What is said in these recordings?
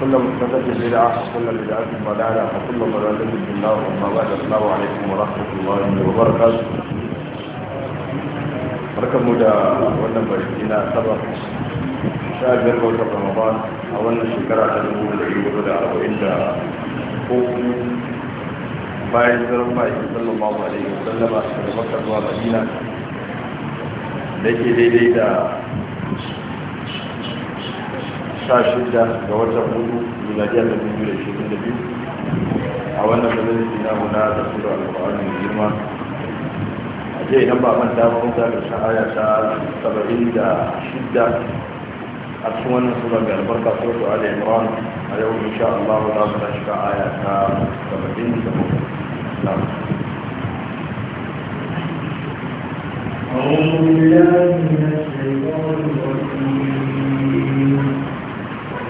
كل مستدد بدعة وكل بدعة ضلالة وكل ضلالة في النار وما بعد السلام عليكم ورحمة الله وبركاته barkanmu da wannan barci na saba sha biyar ga ramadan a wannan shekara ta dubu da dubu da arba'in da ko bayan zarar ma'aikin sallallahu alaihi wa sallama daga makar zuwa madina da ke daidai da sha shida ga watan hudu miladiyar da biyu da shirin da biyu a wannan majalisi na muna da sura alƙawari mai girma a ce idan ba man ta mun ta ƙarshen aya ta saba'in da shida a cikin wannan sura mai albarka suratu ala imran a yau insha Allah za mu ta shiga aya ta saba'in da hudu أعوذ بالله من الشيطان الرجيم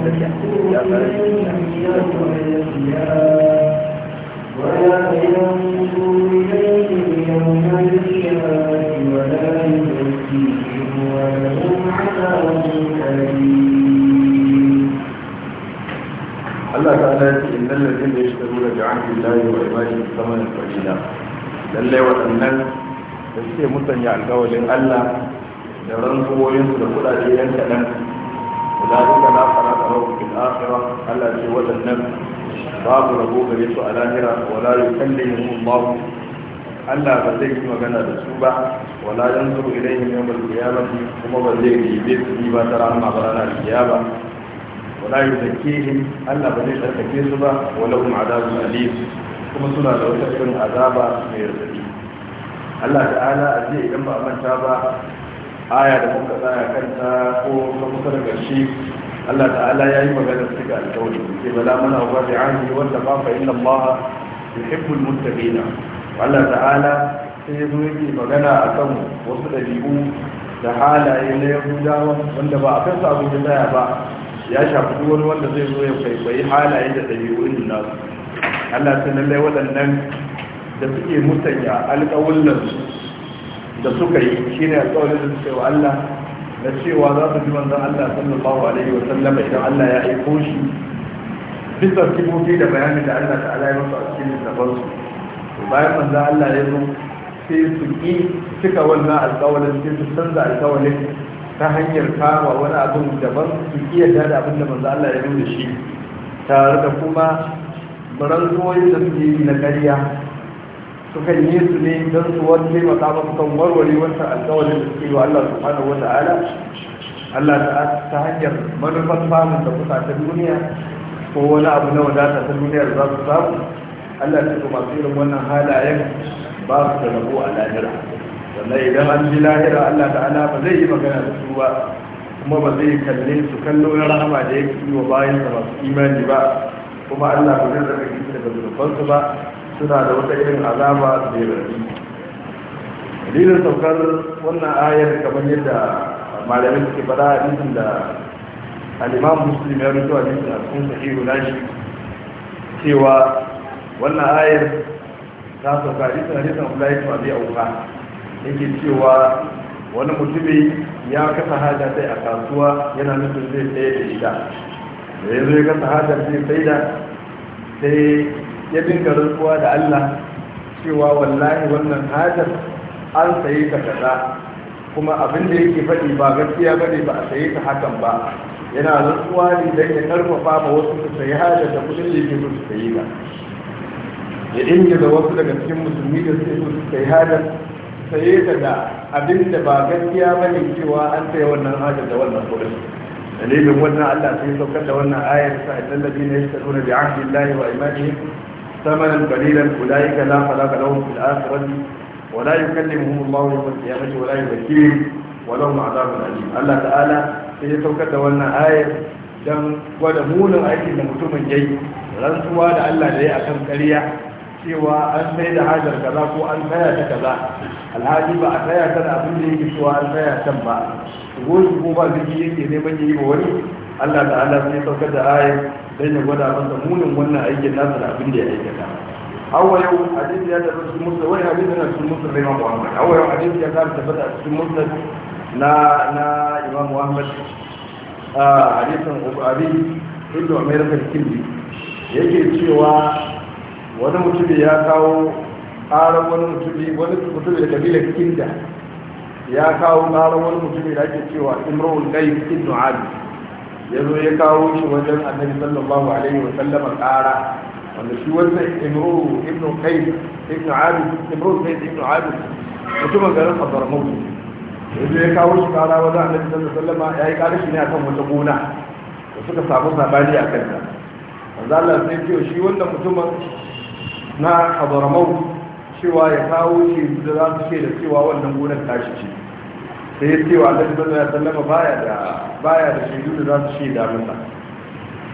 الرياء ولا ينظر إليهم يوم القيامة ولا يزكيهم ولهم عذاب أليم الله تعالى إن الذين يشترون بعهد الله وعباده ثمنا قليلا lallai waɗannan da suke musanya alkawalin Allah da rantsuwoyinsu da kuɗaɗe yan kaɗan da za su kana lahu fil akhirah Allah ce wadannan babu rabo gare su a lahira wala yukallimuhum Allah Allah ba zai yi magana da su ba wala yanzuru ilayhim yawm al-qiyamati kuma ba zai yi bisu ba ta ranar ranar wala Allah ba kuma suna da wata irin azaba mai radadi Allah ta'ala a ce idan ba manta ba aya da kuka tsaya kanta ko kuma kusa da ƙarshe Allah ta'ala ya yi magana su ga alƙawari ke bala mana wa bi ahli wa taqa fa inna Allah yuhibbul muttaqin Allah ta'ala sai ya zo yake magana akan wasu dabi'u da halaye na Yahudawa wanda ba a kansa abin da tsaya ba ya shafi duk wani wanda zai zo ya kwaikwayi halaye da dabi'u irin nasu Allah ta lallai waɗannan da suke mutanya alƙawullansu da suka yi shine alƙawarin da suka yi wa Allah da cewa za su ji manzon Allah sallallahu alaihi wa sallam idan Allah ya aiko shi bisa sifofi da bayanin da Allah ta'ala ya masa a cikin littafin su to bayan manzon Allah ya zo sai su ki cika wannan alƙawarin sai su canza alƙawarin ta hanyar kama wani abin daban su iya tada abin da manzon Allah ya zo da shi tare da kuma rantsuwoyin da suke yi na ƙarya sukan yi su ne don su wani ba su kan warware wata alkawarin da suke wa Allah subhanahu wa ta'ala Allah ta hanyar manufar samun da kusa ta duniya ko wani abu na wadata ta duniyar za su samu Allah ta kuma irin wannan halayen ba su da rabo a lahira sannan idan an ji lahira Allah ta'ala ba zai yi magana da su ba kuma ba zai kalle su kallo na rahama da yake yi wa bayan da masu imani ba kuma Allah ba zai zargi su daga zurfansu ba suna da wata irin azaba da rabi dalilin saukar wannan ayar kamar yadda malamai suke a hadisin da al'imam musulmi ya rikowa hadisin a cikin guda shi. cewa wannan ayar ta sauka hadisin hadisin abdullahi ibn zai auka yake cewa wani mutumi ya kasa haja sai a kasuwa yana nufin zai tsaye da shida da yanzu ya kasa haja sai sai da sai ya dinga rantsuwa da Allah cewa wallahi wannan hajar an saye ta kaza kuma abin da yake faɗi ba gaskiya bane ba a saye ta hakan ba yana rantsuwa ne don ya karfafa ma wasu su sayi hajar da kudin da yake so su sayi ta ya dinga da wasu daga cikin musulmi da suke so su sayi hajar saye ta da abin da ba gaskiya bane cewa an saye wannan hajar da wannan kudin dalilin wannan Allah sai saukar da wannan ayar sa idan ladina yastaduna bi ahdillahi wa imanihim ثمنا قليلا أولئك لا خلاق لهم في الآخرة ولا يكلمهم الله يوم القيامة ولا يزكيهم ولهم عذاب أليم الله تعالى sai saukar da wannan ayar don gwada munin aikin da mutumin ya yi rantsuwa da Allah da ya akan ƙarya cewa an sai da hajar kaza ko an tsaya ta kaza alhaji ba a tsaya ta da abin da yake cewa an tsaya can ba shigo shigo ba ziki yake neman yi ba wani Allah da Allah sai saukar da ayar dan ya gwada masa munin wannan aikin nasa da abin da ya aikata awwal yau hadisi ya tabbata cikin musulmi wani hadisi na cikin musulmi imam Muhammad awwal yau hadisi ya tabbata a cikin musulmi na na imam Muhammad a hadisin Ubari ibn Umair bin Kindi yake cewa wani mutum ya kawo ƙarar wani mutum wani mutum da kabilar Kinda ya kawo ƙarar wani mutum da ake cewa Imrul Qais ibn Ali ya zo ya kawo shi wajen annabi sallallahu alaihi wa sallama kara. wanda shi wannan imru ibn qais ibn abid imru qais ibn abid mutumin garin hadramaut ya zo ya kawo shi ƙara wajen annabi sallallahu alaihi wa sallama ya yi ƙara shi ne akan wata gona da suka samu sabani a kanta manzo Allah sai ce shi wannan mutumin na hadramaut cewa ya kawo shi da za su ce da cewa wannan gonar tashi ce sai yake wa Allah sallallahu alaihi wasallam baya da baya da shaidu da za su shaida masa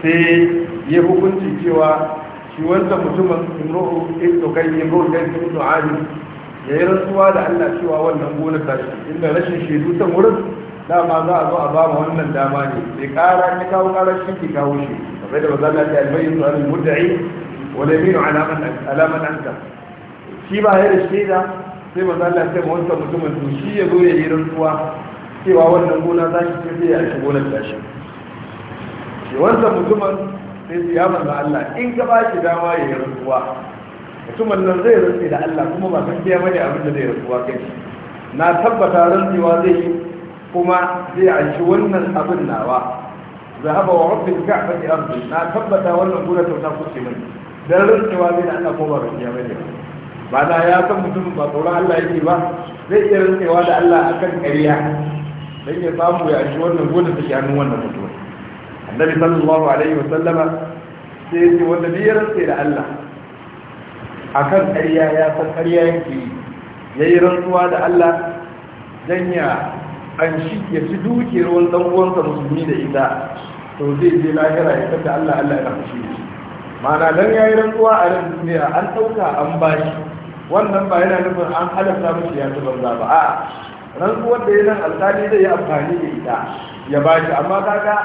sai ya hukunci cewa shi wanda mutumin in ibnu kai imru'u kai ibnu ali ya yi rantsuwa da Allah cewa wannan gona ta shi inda rashin shaidu ta wurin ma za a zo a ba mu wannan dama ne sai kara ki kawo kara shi ki kawo shi sai da bazalla ta yi su al mudda'i wa yaminu ala man ala man shi ba ya da shaida sai manzo Allah ya ce ma mutumin su shi ya zo ya yi rantsuwa cewa wannan gona za shi ce sai ya shi gonar da shi wannan mutumin sai su ya manzo Allah in ka ba shi dama ya yi rantsuwa mutumin nan zai rantsi da Allah kuma ba san kiyaye bane abin da zai rantsuwa kai na tabbata rantsuwa zai yi kuma zai aishi wannan abin nawa zahaba wa rufin ka'bati ardi na tabbata wannan gona ta kuce Da dan rantsuwa zai da ana kuma ba san kiyaye bane ba na ya san mutumin ba tsoron Allah yake ba zai iya rantsewa da Allah akan ƙarya dan ya samu ya shi wannan gona take hannun wannan mutum annabi sallallahu alaihi wa sallama sai ya wanda bai rantse da Allah A kan ƙarya ya san ƙarya yake ya yi rantsuwa da Allah don ya an shi ya ci dukiyar wani dan uwansa musulmi da ita to zai je lahira ya kada Allah Allah ya rafa shi ma'ana ya yi rantsuwa a ran duniya an ɗauka an bashi wannan ba yana nufin an halatta mishi ya ci banza ba a rantsuwar da yana alƙali zai yi amfani da ita ya ba shi amma kaga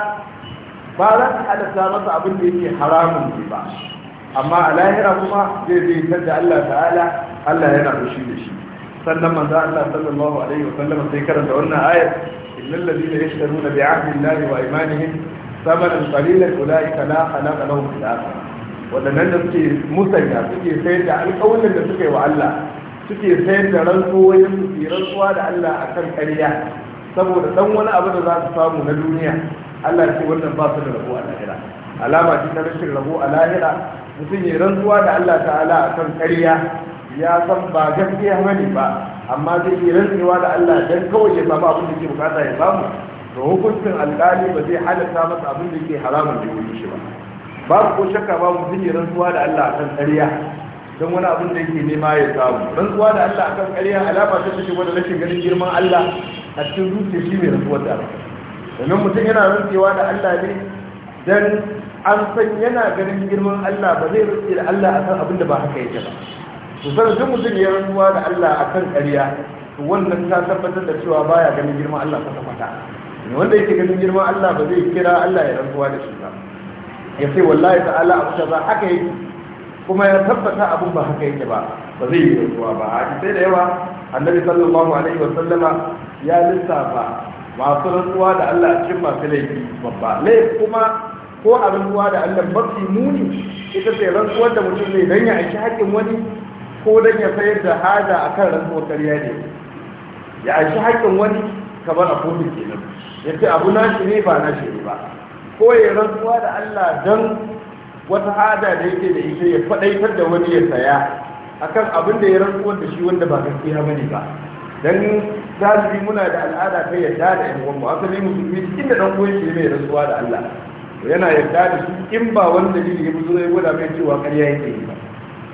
ba za ka halatta masa abin da yake haramun ne ba amma a lahira kuma zai zai tar da Allah ta'ala Allah yana fushi da shi sannan manzo Allah sallallahu alaihi wa sallam sai karanta wannan ayat innal ladina yashtaruna bi'ahdi Allahi wa imanihim thamanan qalilan ulaika la khalaqa lahum fil akhirah waɗannan da suke musanya suke sayar da alƙawunan da suka wa Allah suke sayar da rantsuwoyin su rantsuwa da Allah a kan ƙarya saboda ɗan wani abu da za su samu na duniya Allah ce wannan ba su da rabo a lahira alama ce ta rashin rabo a lahira mutum ya rantsuwa da Allah ta'ala a kan ƙarya ya san ba gaskiya bane ba amma zai rantsuwa da Allah dan kawai ya samu abin da ke bukata ya samu to hukuncin alƙali ba zai halatta masa abin da ke haramun da ya wuce ba babu ko shakka babu zai rantsuwa da Allah akan ƙarya don wani abin da yake nema ya samu rantsuwa da Allah akan ƙarya alama ta ce wanda rashin ganin girman Allah a cikin zuciya shi mai rantsuwa da Allah domin mutum yana rantsewa da Allah ne dan an san yana ganin girman Allah ba zai rantsi da Allah akan abin da ba haka yake ba to sai duk mutum ya rantsuwa da Allah akan ƙarya to wannan ta tabbatar da cewa baya ganin girman Allah kwata-kwata wanda yake ganin girman Allah ba zai kira Allah ya rantsuwa da shi ba ya ce wallahi ta'ala abu kaza haka yi kuma ya tabbata abun ba haka yake ba ba zai yi ruwa ba a sai da yawa annabi sallallahu alaihi wa sallama ya lissafa masu rantsuwa da Allah cikin masu laifi babba laifi kuma ko a rantsuwa da Allah mafi muni ita ce rantsuwar da mutum zai dan ya aiki haƙƙin wani ko dan ya sayar da haja akan rantsuwar ƙarya ne ya aiki haƙƙin wani kamar a kotu kenan ya ce abu nashi ne ba nashi ne ba koyi ya rantsuwa da Allah don wata hada da yake da ita ya faɗaitar da wani ya saya akan abin da ya rantsuwar da shi wanda ba gaskiya bane ba dan galibi muna da al'ada ta yadda da yan uwanmu asali musulmi cikin da dan uwan mai rantsuwa da Allah yana yadda da shi in ba wani dalili ya zo ya gwada mai cewa ƙarya yake yi ba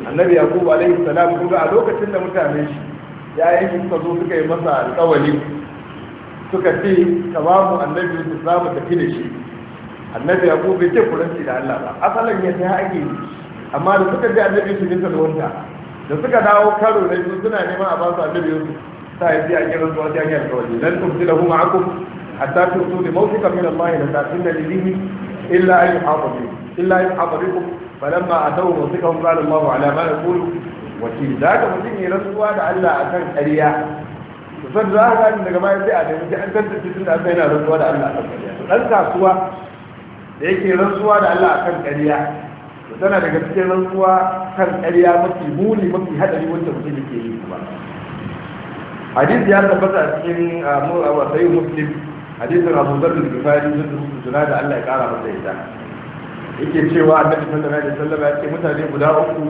annabi yaqub alaihi salam kuma a lokacin da mutanen shi ya shi suka zo suka yi masa alƙawari suka ce ka ba mu annabi su za mu tafi da shi annabi yaqub bai ce kuranci da Allah ba asalin ya ta ake amma da suka ji annabi su jinta da wanda da suka dawo karo na su suna neman a ba su annabi yusuf ta yi a kiran su wajen yanka waje lan tumsila huma akum da tusu bi mawtikan min Allah la ta'tinna lillahi illa an yuhata bi illa an yuhata bikum falamma atawu mawtikahum qala Allah ala ma yaqulu Za zaka mutum ya rantsuwa da Allah akan ƙarya san za ka daga bayan sai a da an tantance tun da an sai na rantsuwa da Allah akan ƙarya dan kasuwa da yake rantsuwa da Allah akan ƙarya to tana daga cikin rantsuwa kan ƙarya mafi muni mafi hadari wanda mutum yake yi kuma hadisi ya tabbata a cikin mu'awa sai muslim hadisin Abu Dharr da ghifari da sunna da Allah ya kara masa ita yake cewa annabi sallallahu alaihi wasallam ya ce mutane guda uku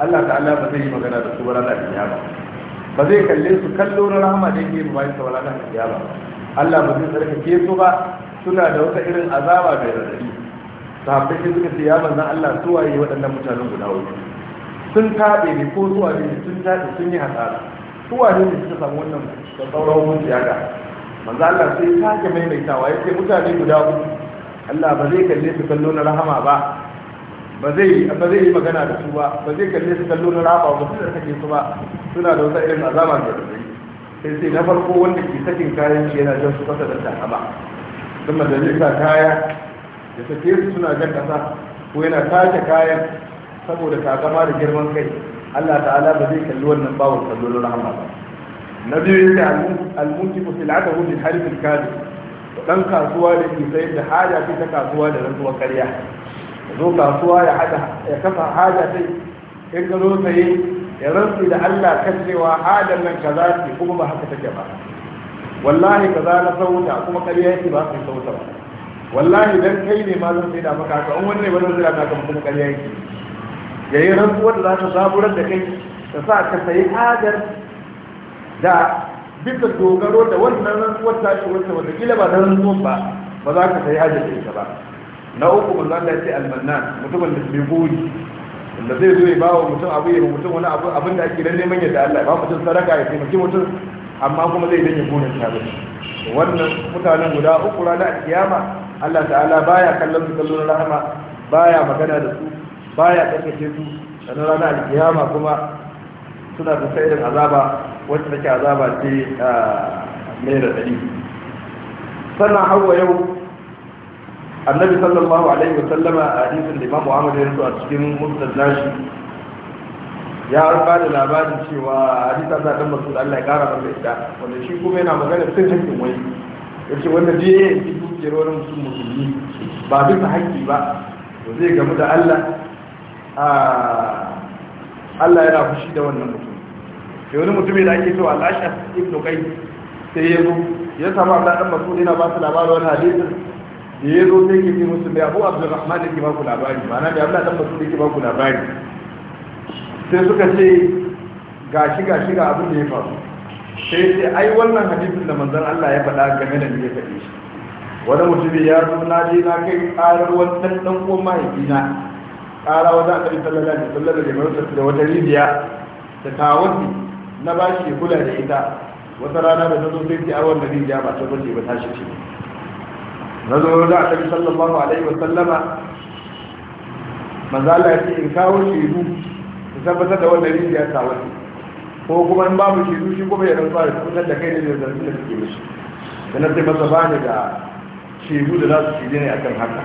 Allah ta'ala ba zai yi magana da su ba ranar kiyama ba zai kalle su kallo na rahama da yake ba bayan sa ranar kiyama Allah ba zai tsarkake su ba suna da wata irin azaba mai radadi ta sai suka ce ya manzan Allah su waye waɗannan mutanen guda hudu sun tabe ne ko zuwa ne sun tabe sun yi hasara su waye ne suka samu wannan sauran mun haka manzan Allah sai sake maimaitawa ya ce mutane guda hudu Allah ba zai kalle su kallo na rahama ba ba zai ba zai yi magana da su ba ba zai kalle su kallo na rahama ba suna da kake su ba suna da wata irin azaba mai radadi sai sai na farko wanda ke sakin kayan shi yana jan su kasa da tahama sama da zai sa kaya da tafiye su suna jan kasa ko yana tace kayan saboda takama da girman kai Allah ta'ala ba zai kalli wannan bawon kallon rahama ba na biyu yake almunki ku silata hu bil harfil kadi dan kasuwa da ke sayar da haja ce ta kasuwa da rantsuwar karya ya zo kasuwa ya hada ya kafa haja sai in ka zo saye ya rantsi da Allah kan cewa hajar nan kaza ce kuma ba haka take ba wallahi ka za na sauta kuma ƙarya yake ba su sauta ba wallahi dan kai ne ma zan sai da maka ka in wani ne ba zan sai da maka kuma ƙarya yake yi rantsuwar da za ta saburar da kai ta sa ka sayi adar da bisa dogaro da wannan rantsuwar ta shi wacce wanda kila ba dan rantsuwar ba ba za ka sayi adar da ita ba na uku ban zan ya ce almannan mutumin da bai gori wanda zai zo ya ba wa mutum abu ya mutum wani abu abin da ake dan neman yadda Allah ya ba mutum sadaka ya taimaki mutum amma kuma zai danya gonar ta bace wannan mutanen guda uku rana a kiyama Allah ta'ala baya kallon su kallon rahama baya magana da su baya tsakace su rana a kiyama kuma suna da sa'irin azaba wacce take azaba ce ah, mai ɗari. sannan hawa yau annabi sallallahu alaihi wa sallama a hadisin da imamu muhammad ya rasu a cikin musnad nashi ya ba da labarin cewa hadisa za ta masu Allah ya kara masa ita wanda shi kuma yana magana sun hakkin wani ya ce wanda je ya yi dukiyar wani mutum musulmi ba bisa haƙƙi ba da zai gamu da Allah Allah yana fushi da wannan mutum ke wani mutum yana ake cewa lashe ibn kai sai ya zo ya samu abu ɗan masu yana ba su labarin wani hadisin da ya zo sai ke ce musulmi abu abu abdulrahman da ke ba ku labari ma'ana da abu ɗan masu da ke ba ku labari sai suka ce gashi gashi ga abin da ya faru sai sai ai wannan hadisin da manzon Allah ya faɗa game da ya faɗi shi wani mutum ya zo na je na kai karar wannan dan uwan mahaifina ƙara wajen da sallallahu alaihi wasallam da jama'a da wata rijiya da tawasi na bashi kula da ita wata rana da nazo sai ki awon da rijiya ba ta bace ba tashi ce nazo da annabi sallallahu alaihi wasallama manzo Allah ya ce in kawo shi tabbatar da wannan ya ta wani ko kuma in babu shi zuci kuma ya rantsuwa da tabbatar da kai ne da zarfi da suke mishi da na sai masa bani da shegu da za su shige ne akan haka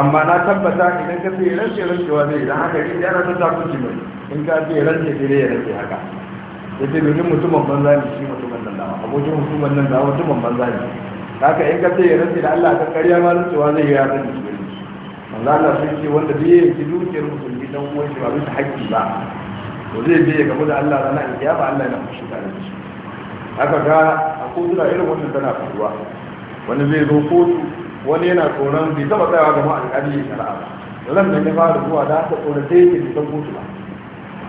amma na tabbata idan ka sai rance rancewa zai idan haka yin na ta takunci mai in ka sai rance sai dai ya rance haka ya ce domin mutumin banza ne shi mutumin nan dawa abokin mutumin nan dawa mutumin banza ne haka in ka sai rance da Allah ka karya ma rancewa zai yi ya rance manzana sun ce wanda bai ki dukiyar musulmi dan uwan shi ba bisa haƙƙi ba to zai biye game da Allah rana in ya ba Allah yana fushi tare da shi haka ga a kotuna irin wannan tana faruwa wani zai zo kotu wani yana tsoron bai taba tsayawa gama alƙali ya shara'a ba ran da ya fara zuwa da aka tsoron sai yake bai san kotu ba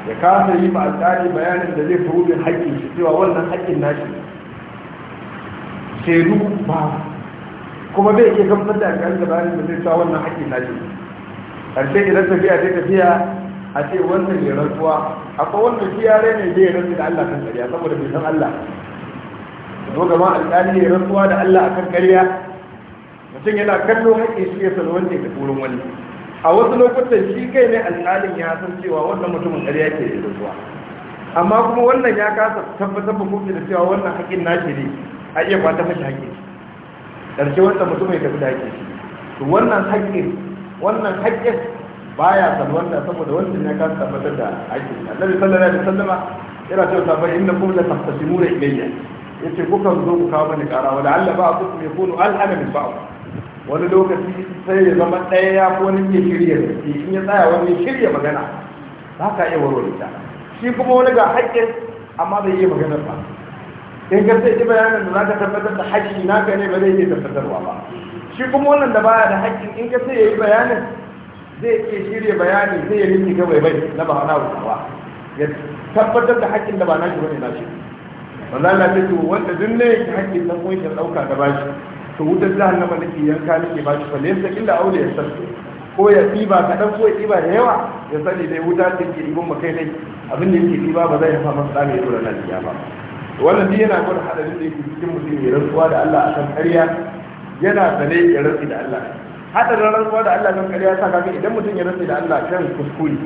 ya kasa yi ba alƙali bayanin da zai fi da haƙƙin shi cewa wannan haƙƙin nashi shaidu ba kuma bai ke gamsar da alƙali gabanin da zai sa wannan haƙi na ce ƙarshe idan tafiya ta tafiya a ce wannan ya rantsuwa akwai wanda shi yare ne zai rantsu da Allah kan ƙarya saboda bai san Allah zo gama alƙali ya rantsuwa da Allah kan ƙarya mutum yana kallo haƙƙi shi ya san wanda ya tafi wani a wasu lokutan shi kai ne alƙalin ya san cewa wannan mutumin ƙarya ke da zuwa. amma kuma wannan ya kasa tabbatar da kuma da cewa wannan haƙƙin nashi ne a iya kwata mashi haƙi ƙarshe wanda mutum ya tafi da ake shi to wannan haƙƙin wannan haƙƙin baya salwanta saboda wancan ya kasa tabbatar da haƙƙin annabi sallallahu alaihi wasallama yana cewa sabai inna kum la tahtasimuna ilayya yace kuka zo ku kawo mani ƙara Wani Allah ba ku ya kunu alhana min ba'd wani lokaci sai ya zama ɗaya ya fi wani ke shirya gaske in ya tsaya wani shirya magana ba ka iya warware ta shi kuma wani ga haƙƙin amma bai iya maganar ba in ka sai bayanin da ka tabbatar da haƙƙi na ka ne ba zai iya tabbatarwa ba shi kuma wannan da baya da haƙƙin in ka sai yi bayanin zai iya shirya bayanin zai yi ga bai bai na ba na ruwa ya tabbatar da haƙƙin da ba na nashi bane nashi wanda Allah ta ce wanda duk ne ya haƙƙin ta kuma ya dauka da bashi to wutar na ke yanka ke bashi fa laysa illa aure ya sassu ko ya ɗiba kaɗan ko ya ɗiba da yawa ya sani dai wuta take ibin makai ne abin da yake ɗiba ba zai hafa masu ɗame ya dole na ba wannan duk yana gwada hadarin da yake cikin mutum ya rantsuwa da Allah akan ƙarya yana sane ya rantsi da Allah hadarin rantsuwa da Allah kan ƙarya sa kaga idan mutum ya rantsi da Allah kan kuskure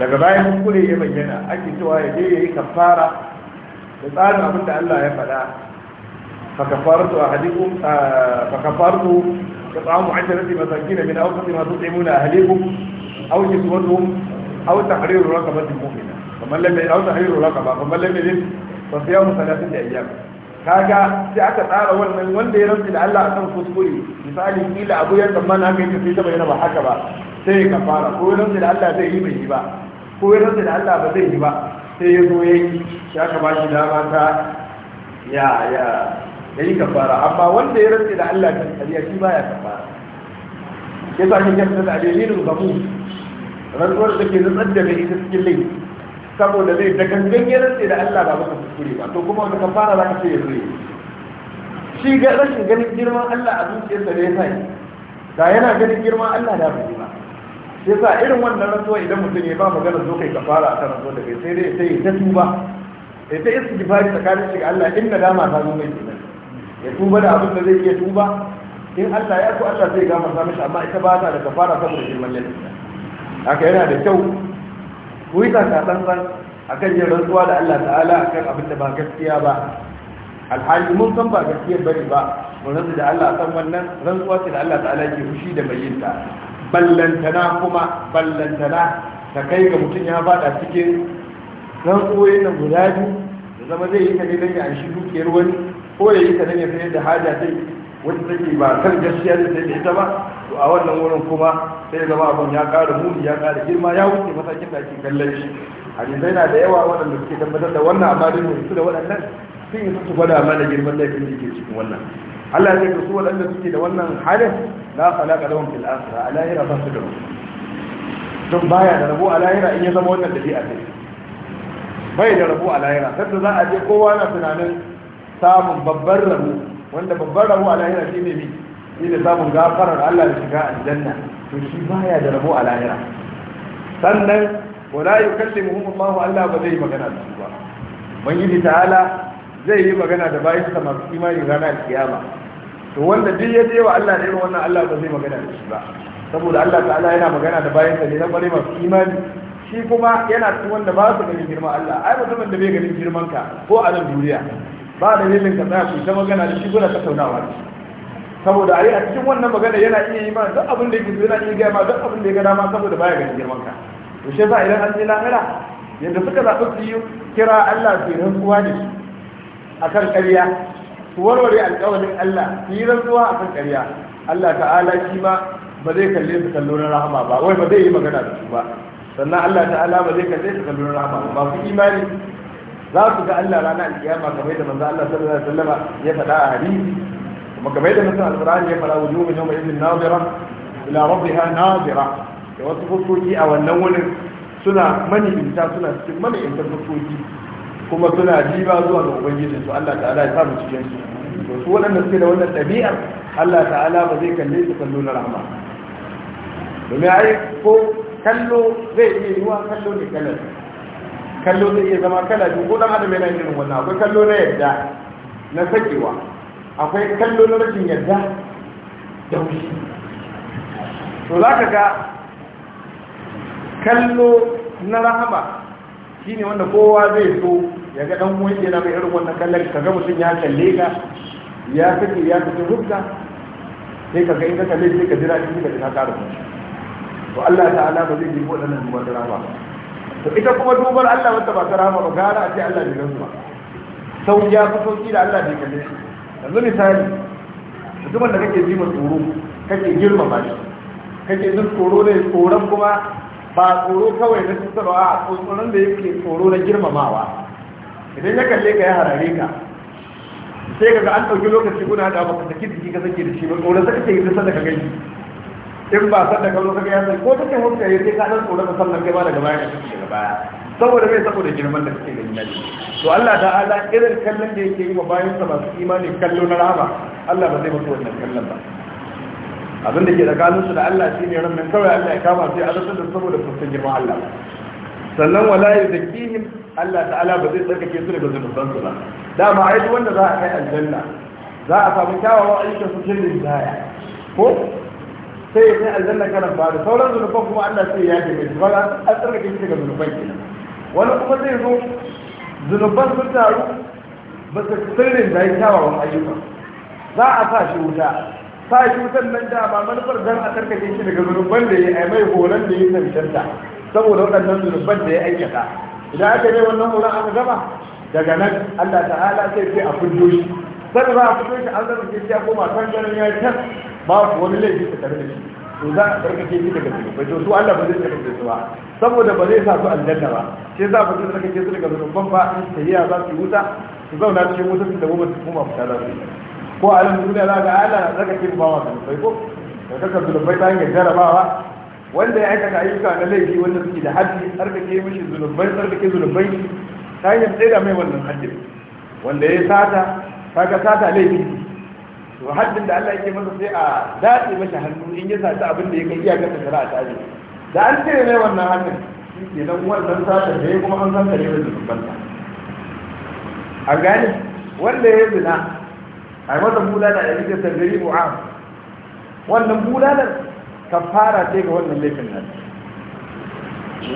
daga bayan kuskure ya bayyana ake cewa ya je yayi kafara da tsarin abin da Allah ya faɗa fa kafaratu ahadikum fa kafaratu إطعام عشرة مساكين من أوسط ما تطعمون أهليكم أو كسوتهم أو تحرير رقبة المؤمنة faman lam yau da hayru raqaba faman lam yajid fa siyamu salatin da ayyam kaga sai aka tsara wannan wanda ya rantsi da Allah a kan kuskure misali kila abu ya tsammana haka yake sai ta bayyana ba haka ba sai ya fara ko ya rantsi da Allah zai yi bai yi ba ko ya rantsi da Allah ba zai yi ba sai ya zo ya yi ya ka bashi dama ta ya ya ya yi kafara amma wanda ya rantsi da Allah kan kariya shi baya kafara ya sa shi kanta da alilin gamu rantsuwar da ke rantsar da ita cikin laifi saboda zai da gangan ya rantse da Allah ba masa kuskure ba to kuma wanda kafara za ka ce yanzu yi shi ga rashin ganin girman Allah a zuciyarsa da ya sa da yana ganin girman Allah da bai ba sai sa irin wannan rantsuwa idan mutum ya ba magana zo kai kafara a kan da kai sai dai sai ta tuba sai ta istighfari tsakanin shi ga Allah in na dama ta zo mai kenan ya tuba da abin da zai iya tuba in Allah ya so Allah zai sa mishi amma ita ba ta da kafara saboda girman laifi haka yana da kyau ku yi takatsantsan a kan yin rantsuwa da Allah ta'ala a kan abin ba gaskiya ba alhali mun san ba gaskiya bari ba mun rantsu da Allah san wannan rantsuwa ce da Allah ta'ala ke fushi da mai yinta ballantana kuma ballantana ta kai ga mutum ya fada cikin rantsuwoyin nan guda biyu da zama zai yi ta ne don ya anshi dukiyar wani ko ya yi ta ne ya sayar da haja sai wata take ba kan gaskiya da sai da ita ba to a wannan wurin kuma sai zama abin ya ƙara muni ya ƙara girma ya wuce matakin da ake kallon shi hadisai na da yawa waɗanda suke tabbatar da wannan amma dai mu su da waɗannan sun yi su gwada mana girman laifin da ke cikin wannan Allah zai su waɗanda suke da wannan halin na alaƙa lahum fil akhirah a lahira ba su da don baya da rabo a lahira in ya zama wannan da biya ce bai da rabo a lahira sai za a je kowa na tunanin samun babbar rabo wanda babbar rabo a lahira shine ne shi da samun gafarar Allah da shiga aljanna to shi baya da rabo a lahira sannan wala yukallimuhum Allah Allah ba zai magana da su ba ubangiji ta'ala zai yi magana da bayan sa masu imani ranar kiyama to wanda duk ya je wa Allah da irin wannan Allah ba zai magana da shi ba saboda Allah ta'ala yana magana da bayan sa ne na bare masu imani shi kuma yana cikin wanda ba su ganin girman Allah ai mutumin da bai ganin girman ka ko a nan duniya ba da yin ka tsaya ku ta magana da shi kuna tattaunawa da shi saboda a cikin wannan magana yana iya yi ma duk abin da yake so yana iya gaya ma duk abin da ya gada ma saboda baya ga girman ka to shi yasa idan an je lahira yadda suka zaɓi su yi kira Allah su yi rantsuwa ne akan ƙarya su warware alƙawarin Allah su yi rantsuwa akan ƙarya Allah ta'ala shi ma ba zai kalle su kallo na rahama ba wai ba zai yi magana da su ba sannan Allah ta'ala ba zai kalle su kallo na rahama ba Ba su imani za su ga Allah ranar alƙiyama kamar yadda manzo Allah sallallahu alaihi wasallam ya faɗa a hadisi kuma kamar yadda mutum alƙur'ani ya fara wujuhu min yawma idin nazira ila rabbiha nazira da wasu fuskoki a wannan wurin suna mani mani'inta suna cikin mani'inta fuskoki kuma suna jiba zuwa ga ubangijin su Allah ta'ala ya sa mu cikin su to su waɗanda suke da wannan ɗabi'ar Allah ta'ala ba zai kalle su kallo na rahama domin ai ko kallo zai iya yiwa kallo ne kalar kallo zai iya zama kala biyu ko dan adam yana yin wannan akwai kallo na yadda na sakewa akwai kallo na rashin yadda da wuce to za ka ga kallo na rahama shi ne wanda kowa zai so ya ga ɗan wani yana mai irin wannan kallon ka ga mutum ya kalle ka ya kake ya kake hukka sai ka ga in ka kalle sai ka jira shi ka jira ƙara kuma to Allah ta'ala ba zai yi waɗannan dubar da rahama to ita kuma dubar Allah wata ba ta rahama ba gara a ce Allah bai gansu ba sau ya fi da Allah bai kalle shi yanzu misali mutumin da kake ji tsoro kake girmama shi kake jin tsoro ne tsoron kuma ba tsoro kawai na tsoro a tsoron da yake tsoro na girmamawa idan ya kalle ka ya harare ka sai ga an ɗauki lokaci kuna da maka da kiti ka sake da shi ba tsoron saka ke yi ta daga gani in ba sadaka lokaci ya sai ko ke hukunta ya sai ka ɗan tsoron ka sannan kai ba daga baya ka tafi daga baya saboda mai saboda girman da suke da imani to Allah ta'ala irin kallon da yake yi wa bayan masu imani kallo na rahama Allah ba zai musu wannan kallon ba abin da ke da su da Allah shine ran nan kawai Allah ya kama sai azabtar da saboda sun girman Allah sannan wala ya yuzakihim Allah ta'ala ba zai tsarkake su daga zunuban su ba dama yi wanda za a kai aljanna za a samu kyawawan ayyukan su cikin zaya ko sai ya kai aljanna kana ba da sauran zunuban kuma Allah sai ya ke mai zuwa an tsarkake shi daga zunuban kenan wani kuma zai zo zunuban sun taru ba ta sirrin da ya kyawawan ayyuka za a sa shi wuta sa shi wutan nan dama manufar zan a karkace shi daga zunubar da ya yi mai horon da ya yi cancanta saboda waɗannan zunuban da ya aikata idan aka yi wannan horon aka gama daga nan allah ta'ala sai fi a fito shi sai za a fito shi an zama ke ya koma kan ganin ya yi can ba wani laifi ta tare shi to za a tsarkake shi daga zunubai to su Allah ba zai tsarkake su ba saboda ba zai sa su aljanna ba sai za ba zai tsarkake su daga zunuban ba in tayyiya za su wuta su zauna cikin wuta su dawo ba su koma fita za su yi ko a nan duniya za ga Allah tsarkake ba wa zunubai ko da kaka bai ta hanyar jarabawa wanda ya aikata ayyuka na laifi wanda suke da haddi tsarkake mishi zunubai tsarkake zunubai ta hanyar tsaida mai wannan haddi wanda ya sata kaga sata laifi to haddin da Allah yake masa sai a dace masa hannu in ya sace abin da ya kai iyakar da shari'a ta ji da an cire ne wannan hannun kenan wannan sata da ya kuma an san kare da zunuban ta a gani, wanda ya zina a masa bulala da yake tangari mu'am wannan bulalar kafara ce ga wannan laifin nan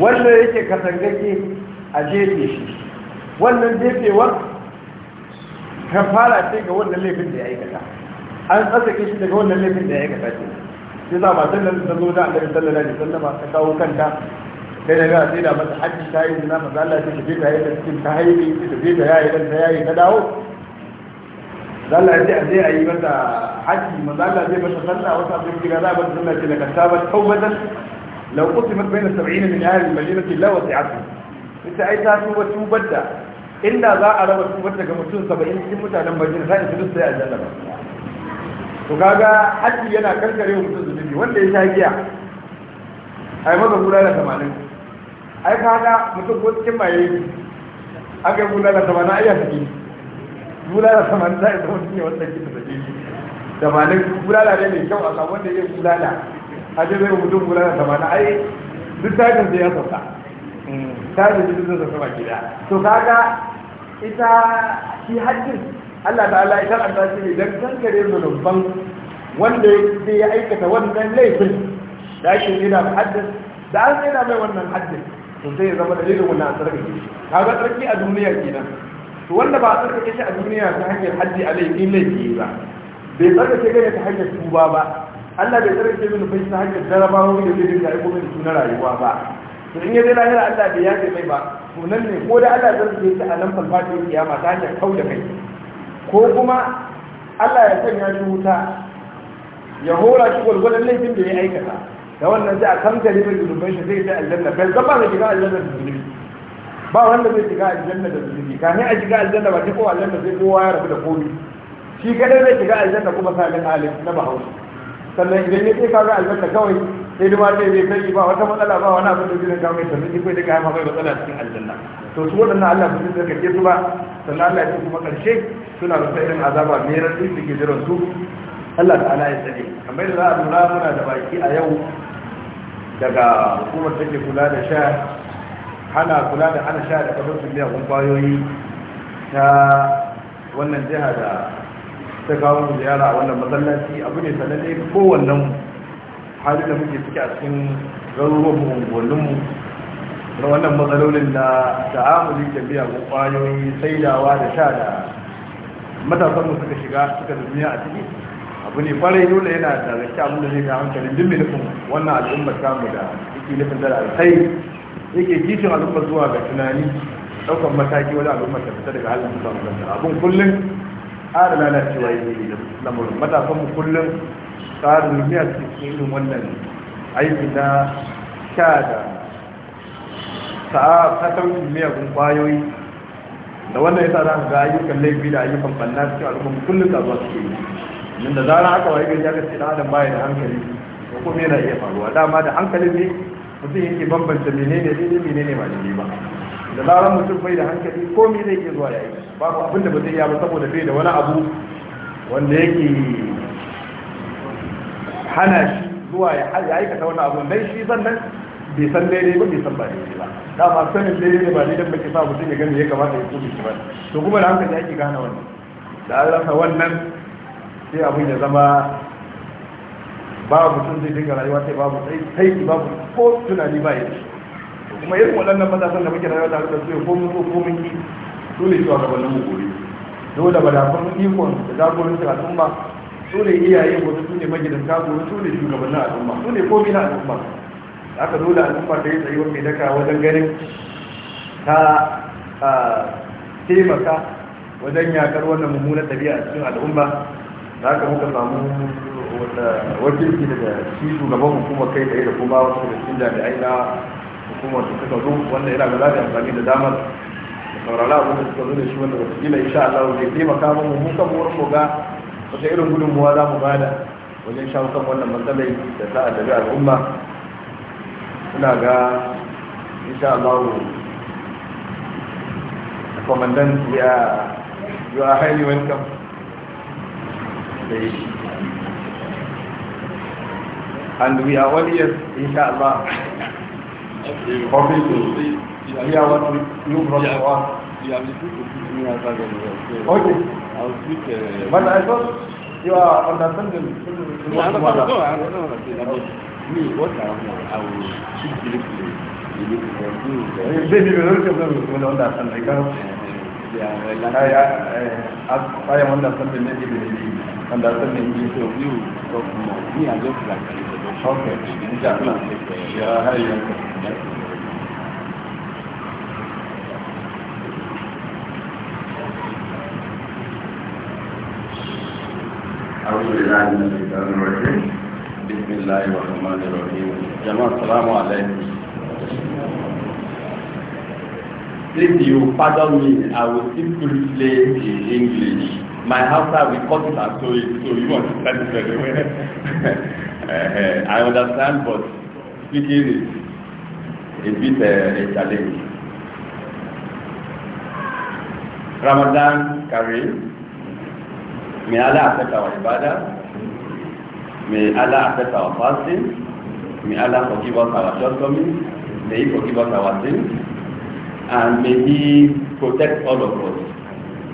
wanda yake katangage a jefe shi wannan jefewar kafara ce ga wannan laifin da ya aikata an tsakake shi daga wannan laifin da ya aikata shi sai za matan nan ta zo da annabi sallallahu alaihi wasallam ta kawo kanta sai daga sai da mata hajji ta yi zina maza Allah ta tafi ta yi da cikin ta haifi ta tafi ta yayi dan ta yayi ta dawo Allah ya ce a je a yi mata hajji maza Allah zai mata sallah wata abin gida za a mata sallah ce daga tabar taubatan lau kusimat bai na saba'in min ahli madinati la wasi'atu ita ai ta tuba tubar da inda za a raba tubar daga mutum saba'in cikin mutanen madina sai su dusta ya aljanna to gaga haƙƙi yana kankare wa mutum zunubi wanda ya sha giya a yi masa kula da tamanin ai kaga mutum ko cikin maye aka yi kula da tamanin ai ya saki kula da tamanin za a zama ne wanda ke da saki tamanin kula da ne mai kyau a samu wanda ya kula da a ce zai mutum kula da tamanin ai duk tajin sai ya sauka tajin sai ya sauka gida to kaga ita shi haƙƙin Allah ta'ala idan an tashi ne dan kankare zunuban wanda ya aikata wannan laifin da ake yana haddin da an yana mai wannan haddin to zai zama dalilin wannan tsarkake shi ga tsarki a duniya kenan to wanda ba a tsarkake shi a duniya ta hanyar haddi a laifin laifi ba bai tsarkake gare ta hanyar tuba ba Allah bai tsarkake mini fa ta hanyar jarabawa da zai dinga aiko mini suna rayuwa ba to in ya je lahira Allah bai yafe mai ba to nan ne ko da Allah zai tsarkake shi a nan farfajiyar kiyama ta hanyar kau da kai ko kuma Allah ya sanya shi wuta ya hora shi gwargwadon laifin da ya aikata da wannan sai a kankare da zunuban shi zai ta aljanna bai zama da shiga aljanna da zunubi ba wanda zai shiga aljanna da zunubi ne a shiga aljanna ba ta kowa aljanna sai kowa ya rabu da komi shi kadai zai shiga aljanna kuma sabin alif na bahaushe sannan idan ya kai kawai aljanna kawai sai duma ce zai kai ba wata matsala ba wani abin da zai kawo mai sannan shi kai daga haifa mai matsala cikin aljanna to su waɗannan Allah ba zai kake su ba sannan Allah ya ce kuma karshe suna rufe azaba mai rantsi da ke su Allah ta'ala ya tsare kamar da za a muna da baki a yau daga hukumar take kula da sha hana kula da hana sha da biya kwayoyi ta wannan jiha da ta kawo mu ziyara a wannan masallaci abu ne sananne kowannen hali da muke ciki a cikin garuruwan unguwanninmu na wannan matsalolin da ta'amuli ta biya kwayoyi saidawa da sha da matasanmu mu suka shiga suka duniya a ciki abu ne farai dole yana da rake abin da zai ga hankalin duk mai nufin wannan al'ummar samu da yake nufin da sai yake kishin al'ummar zuwa ga tunani ɗaukar mataki wajen al'ummar ta fita daga halin zuwa kanta abin kullum ƙara lalacewa ya yi da lamarin matasanmu kullum tsarin duniya su cikin irin wannan aiki na sha da sa'a kasar miyagun kwayoyi da wannan yasa za ka ga ayyukan laifi da ayyukan banna cikin al'umma kullum da zuwa suke yi min da zarar aka waye gari aka ce dan adam baya da hankali ko kuma yana iya faruwa dama da hankalin ne mutum yake bambanta menene ne menene ba ne ba da zarar mutum bai da hankali ko me zai iya zuwa yayi babu abin da ba zai yi ba saboda bai da wani abu wanda yake hana shi zuwa ya aikata wani abu dan shi sannan bai san daidai ba bai san ba daidai ba dama sanin daidai ne ba daidai ba ke sa mutum ya gani ya kamata ya kuɗi shi ba to kuma da hankali ake gane wannan da an rasa wannan sai abin ya zama babu mutum zai dinga rayuwa sai babu sai babu ko tunani ba ya kuma irin waɗannan matasan da muke rayuwa tare da su ko mun ko mun ki su ne zuwa gabanin mu gobe dole ba da kun ikon da jagorancin al'umma su ne iyaye gobe su ne magidanta gobe su ne shugabannin al'umma su ne komi na al'umma aka dole al'umma ta yi tsayuwar mai daka wajen ganin ta taimaka wajen yakar wannan mummunan tabi'a a cikin al'umma da haka muka samu wakilci daga shi shugaban hukumar kai tsaye da kuma wasu da cikin jami'ai na hukumar su suka zo wanda yana ga zafi amfani da damar da saurara abin da suka zo da shi wanda wasu gila insha Allah zai taimaka mu mu kan wurin mu ga wata irin gudunmuwa za mu bada wajen shawo kan wannan matsalai da ta addabi al'umma suna ga insha Allah a commandant ya you are highly welcome and we are all Allah hoping to hear what you to Okay. Uh, But I thought you mi wọ́tà àwọn tí kiri kiri ìlú kìlọ̀ ní ìlú. bẹ́ẹ̀ni bẹ́ẹ̀ lórí kẹfẹ́ mi kò lọ́ọ́ dà sàn lẹ́ka. ayé wọn dà sàn lẹ́ka ìlú yìí wọn dà sàn lẹ́ka ìlú yìí tó yóò sọ fún ọ ní àjọ fìlàkì ìṣẹ̀lẹ̀ ọ̀kẹ́ níjà fún àtẹ̀fẹ̀ yàrá ayé ọ̀kẹ́ أعوذ بالله من الشيطان الرجيم بسم الله الرحمن الرحيم جماعة السلام عليكم If you pardon me, I will simply play in English. My Hausa, we cut it and sew it, so you understand it anyway. uh, I understand, but speaking is a bit uh, a challenge. Ramadan Kareem, may Allah accept our ibadah. May Allah accept our fasting. May Allah forgive us our shortcomings. May He forgive us our sins. And may He protect all of us.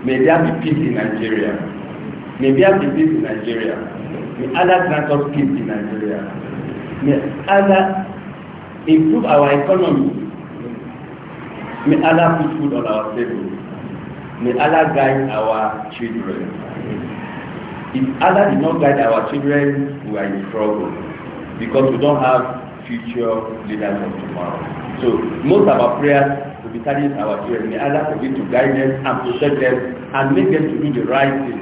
May there be peace in Nigeria. May there be peace in Nigeria. May Allah grant us peace in Nigeria. May Allah improve our economy. May Allah put food on our table. May Allah guide our children. If Allah did not guide our children, we are in trouble because we don't have future leaders of tomorrow. So most of our prayers will be carrying our children. May Allah forgive to guide them and protect them and make them to do the right thing.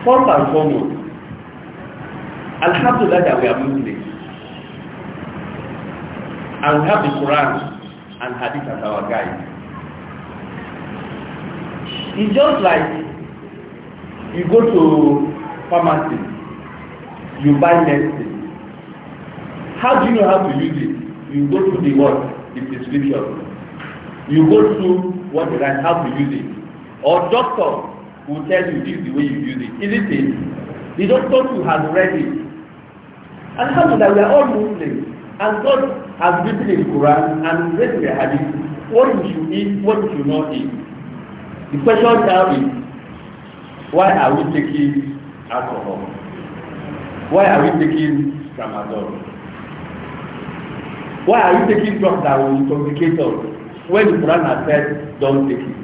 First and foremost, Alhamdulillah that we are Muslims. And we have the Quran and Hadith as our guide. It's just like you go to pharmacy you buy medicine how do you know how to use it you go to the word, the prescription you go to what the right how to use it or doctor will tell you this the way you use it Is it the doctor too has read it and how that we are all muslims and God has written in Quran and read the hadith what you should eat what you should not eat the question now is Why are we taking alcohol? Why are we taking tramadol? Why are we taking drugs that will intoxicate us when the Quran has said don't take it?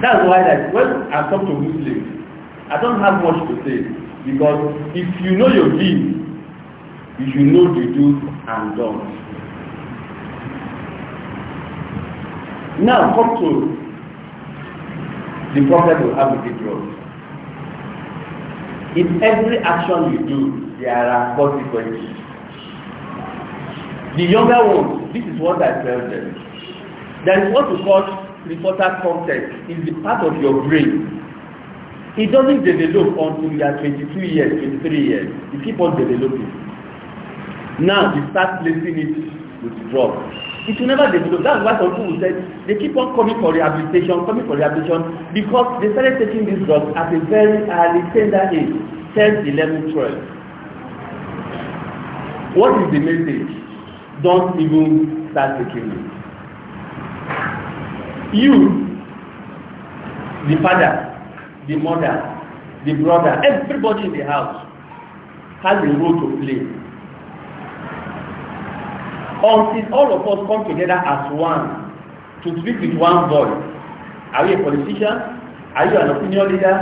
That's why that when I talk to Muslims, I don't have much to say because if you know your deeds, you should know the do's and don'ts. Now come to the prophet will have a big role. In every action you do, there are consequences. The younger ones, this is what I tell them. There is what we call prefrontal cortex. It's the part of your brain. It doesn't develop until you are 22 years, 23 years. You keep on developing. Now you start placing it with drugs It will never develop. That's why some people said they keep on coming for rehabilitation, coming for rehabilitation because they started taking this drug at a very early tender age, 10, 11, 12. What is the message? Don't even start taking it. You, the father, the mother, the brother, everybody in the house has a role to play until all of us come together as one to speak with one voice are you a politician are you an opinion leader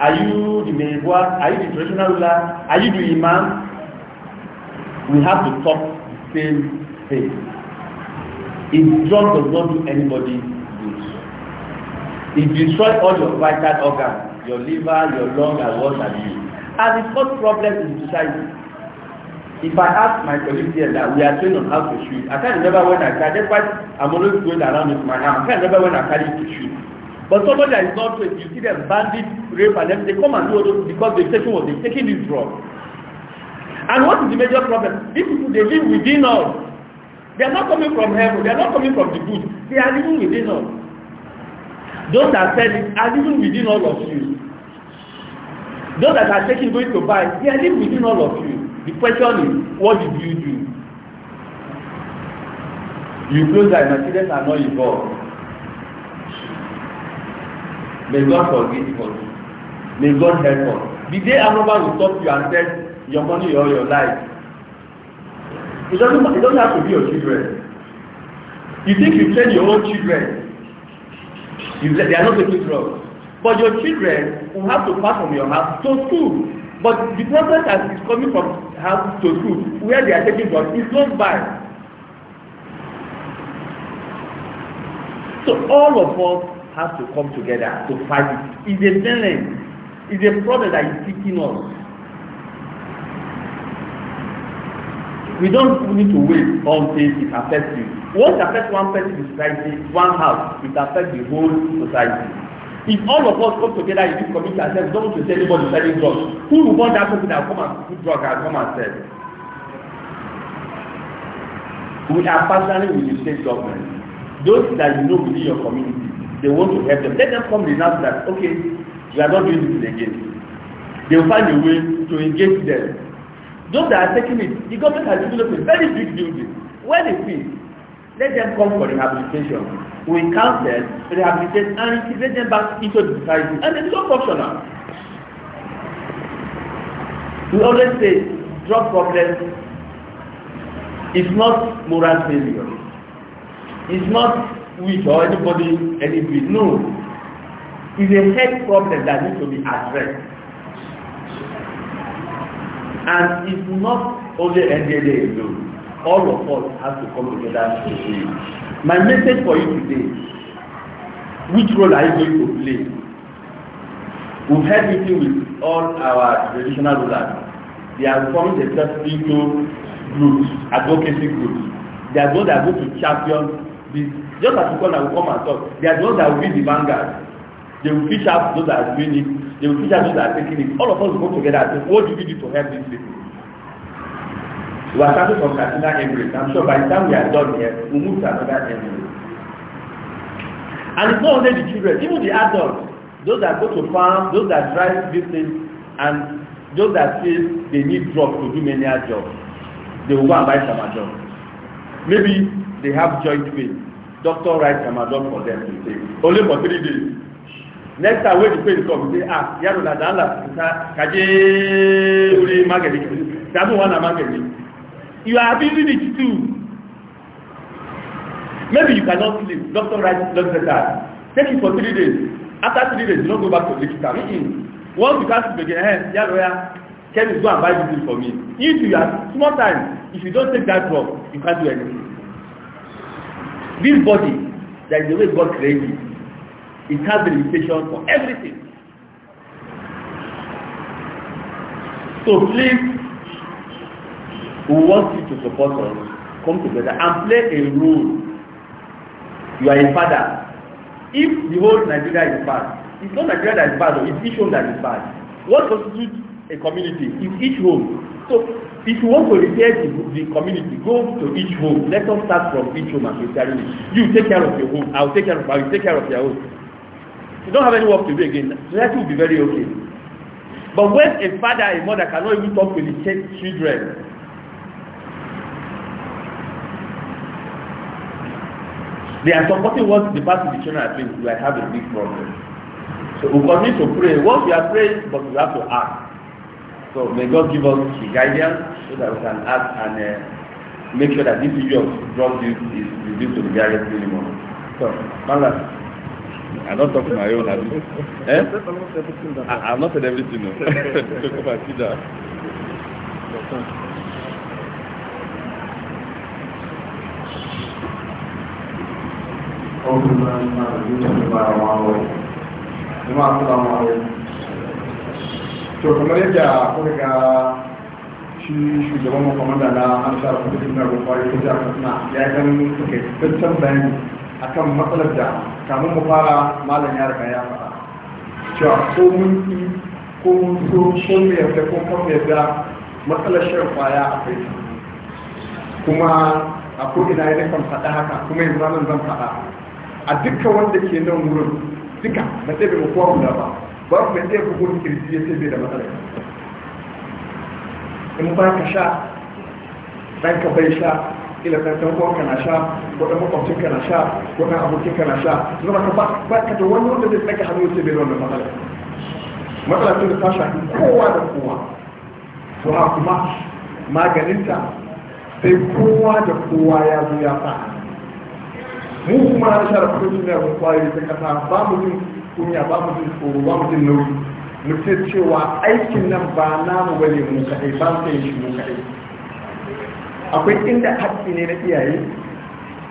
are you the mayor? are you the traditional ruler are you the imam we have to talk the same thing if drug does not do anybody good it destroy all your vital organs your liver your lung and what have you and the first problem in society If I ask my colleagues here that we are trained on how to shoot, I can't remember when I carry. That's why I'm always going around with my arm. I can't remember when I carry to shoot. But somebody that is not trained, you see them bandit, rape, and everything. They come and do all those because the station was they've taking this drug. And what is the major problem? These people they live within us. They are not coming from heaven. They are not coming from the good. They are living within us. Those that sell it are living within all of you. Those that are taking going to buy, they are living within all of you. The question is, what did you do? You close that my children are not involved. May God forgive us. May God help us. The day Amroba will stop you and said, your money or your life. It doesn't, it doesn't have to be your children. You think you train your own children. You, they are not taking drugs. But your children will have to pass from your house to school. But the process is coming from Have to do where they are taking from is not bad. So all of us have to come together to fight it. It's a challenge. It's a problem that is taking us. We don't need to wait until it affects you. Once it affects one person in society, one house, it affects the whole society. If all of us come together and you commit don't want to see anybody selling drugs. Who will want that person that come and put drugs and come and sell? We are partnering with the state government. Those that you know within your community, they want to help them. Let them come renounce that, okay, we are not doing this again. They will find a way to engage them. Those that are taking it, the government has developed a very big building. Where they see Let them come for rehabilitation. We counsel, rehabilitate, and integrate them back into the society, and they become functional. We always say drug problem is not moral failure. It's not we or anybody, any breed. No. It's a health problem that needs to be addressed. And it's not only NDA alone all of us have to come together to pray. My message for you today, which role are you going to play? We've had meeting with all our traditional rulers. They are forming themselves into groups, advocacy groups. They are those that go to champion this. Just as people that will come and talk, they are those that will be the vanguard. They will fish out those that are doing it. They will fish out those that are taking it. All of us will come together and say, what do we do to help these people? We are starting from Katina Emirates. I'm sure by the time we are done here, we move to another Emirates. And it's not only the children, even the adults, those that go to farm, those that drive business, and those that say they need drugs to do many jobs, they will go and buy tramadol. Maybe they have joint pain. Doctor writes tramadol for them to take. Only for three days. Next time when the pain comes, they say, ah, yaro na dan la, kaje ori wana magani. You are abusing it too. Maybe you cannot sleep. Doctor writes blood pressure. Take it for three days. After three days, you don't go back to the hospital. mm Once you can't sleep again, hey, eh, yeah, lawyer, can you go and buy this thing for me? If you have small time, if you don't take that drug, you can't do anything. This body, that is the way God created it. It has the limitation for everything. So please Who want you to support us. Come together and play a role. You are a father. If the whole Nigeria is bad, it's not Nigeria that is bad, it's each home that is bad. What constitutes a community is each home. So if you want to repair the, the community, go to each home. Let us start from each home and repairing it. You take care of your home. I will take care of. I will take care of your home. You don't have any work to do again. That will be very okay. But when a father, a mother cannot even talk to the children They are supporting what the pastor, the dictionary has doing. We are having big problem. So we need to pray. Once we are praying, but we have to act. So may God give us the guidance so that we can act and uh, make sure that this issue of drug use is reduced to the barest minimum. So, Mala. I'm not talking my own. I'm, eh? I, I've not said everything. No. Take over and that. to kamar yadda kuka ga shi shugaban makamanda na amsar kudu suna rufa ya kuja kasna ya kan suka tattun bayani akan matsalar da kamun mu fara malam ya riga ya faɗa cewa ko mun ki ko mun so ko mu yarda ko kan yarda matsalar shan kwaya akwai kuma a ko ina ya kan faɗa haka kuma yanzu zan faɗa a duka wanda ke nan wurin duka na ɗaya bai kowa guda ba ba ku mai ɗaya bugun kirji ya ce bai da matsala in ba ka sha ɗan ka bai sha ila ɗan ɗan kowa ka na sha ko makwabcin ka na sha ko abokin ka na sha zama ka ba ka ta wani wanda zai tsaka hannu ya ce bai da wannan matsala matsala ce da ta shafi kowa da kowa to ha kuma maganinta sai kowa da kowa ya zo ya sa mu kuma na shara kudin da mu kwayoyi ta kasa ba mu jin kunya ba mu jin tsoro ba mu jin nauyi mu ce cewa aikin nan ba namu bane mu kaɗai ba mu kai shi mu kaɗai akwai inda haƙƙi ne na iyaye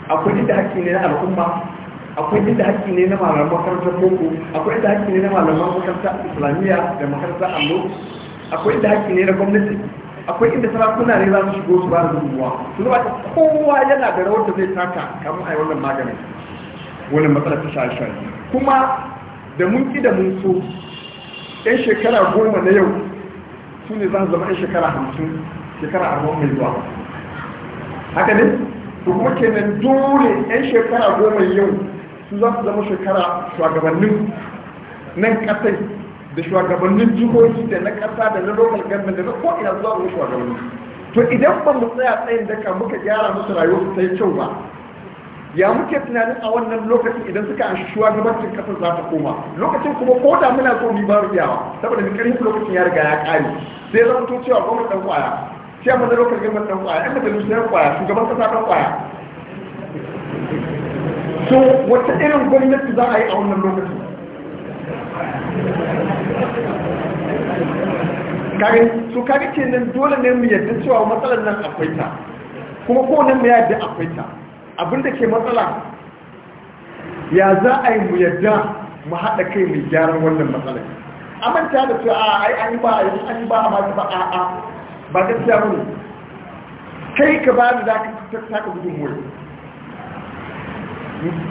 akwai inda haƙƙi ne na al'umma akwai inda haƙƙi ne na malaman makarantar boko akwai inda haƙƙi ne na malaman makarantar islamiyya da makarantar allo akwai inda haƙƙi ne na gwamnati akwai inda sarakuna ne za su shigo su ba da gudunmuwa su ta kowa yana da rawar da zai taka kamar a yi wannan maganin Wani matsala ta shaye kuma da mun ki da mun so yan shekara goma na yau su ne za su zama yan shekara hamsin shekara arba'in mai zuwa haka ne su kuma kenan dole yan shekara goma yau su za su zama shekara shugabannin nan kasai da shugabannin jihohi da na ƙasa da na local government da na ko'ina zuwa wani shugabanni to idan ba mu tsaya tsayin daka muka gyara musu rayuwar ta yi kyau ba ya muke tunanin a wannan lokacin idan suka an shugabancin kasar za ta koma lokacin kuma ko da muna so mu ba rubiyawa saboda mu karin lokacin ya riga ya kare sai zama to cewa gwamnati dan kwaya sai amma da lokacin gwamnati dan kwaya da majalisu dan kwaya shugaban kasa dan kwaya to wata irin gwamnati za a yi a wannan lokacin kare su kare ke nan dole ne mu yadda cewa matsalar nan akwai ta kuma ko nan mu yadda akwai ta abinda ke matsala ya za a yi mu yadda mu haɗa kai mai gyaran wannan matsalar amanta da cewa a ai an ba an ba amma ba a a ba gaskiya bane kai ka ba da zaka ta gudun wuri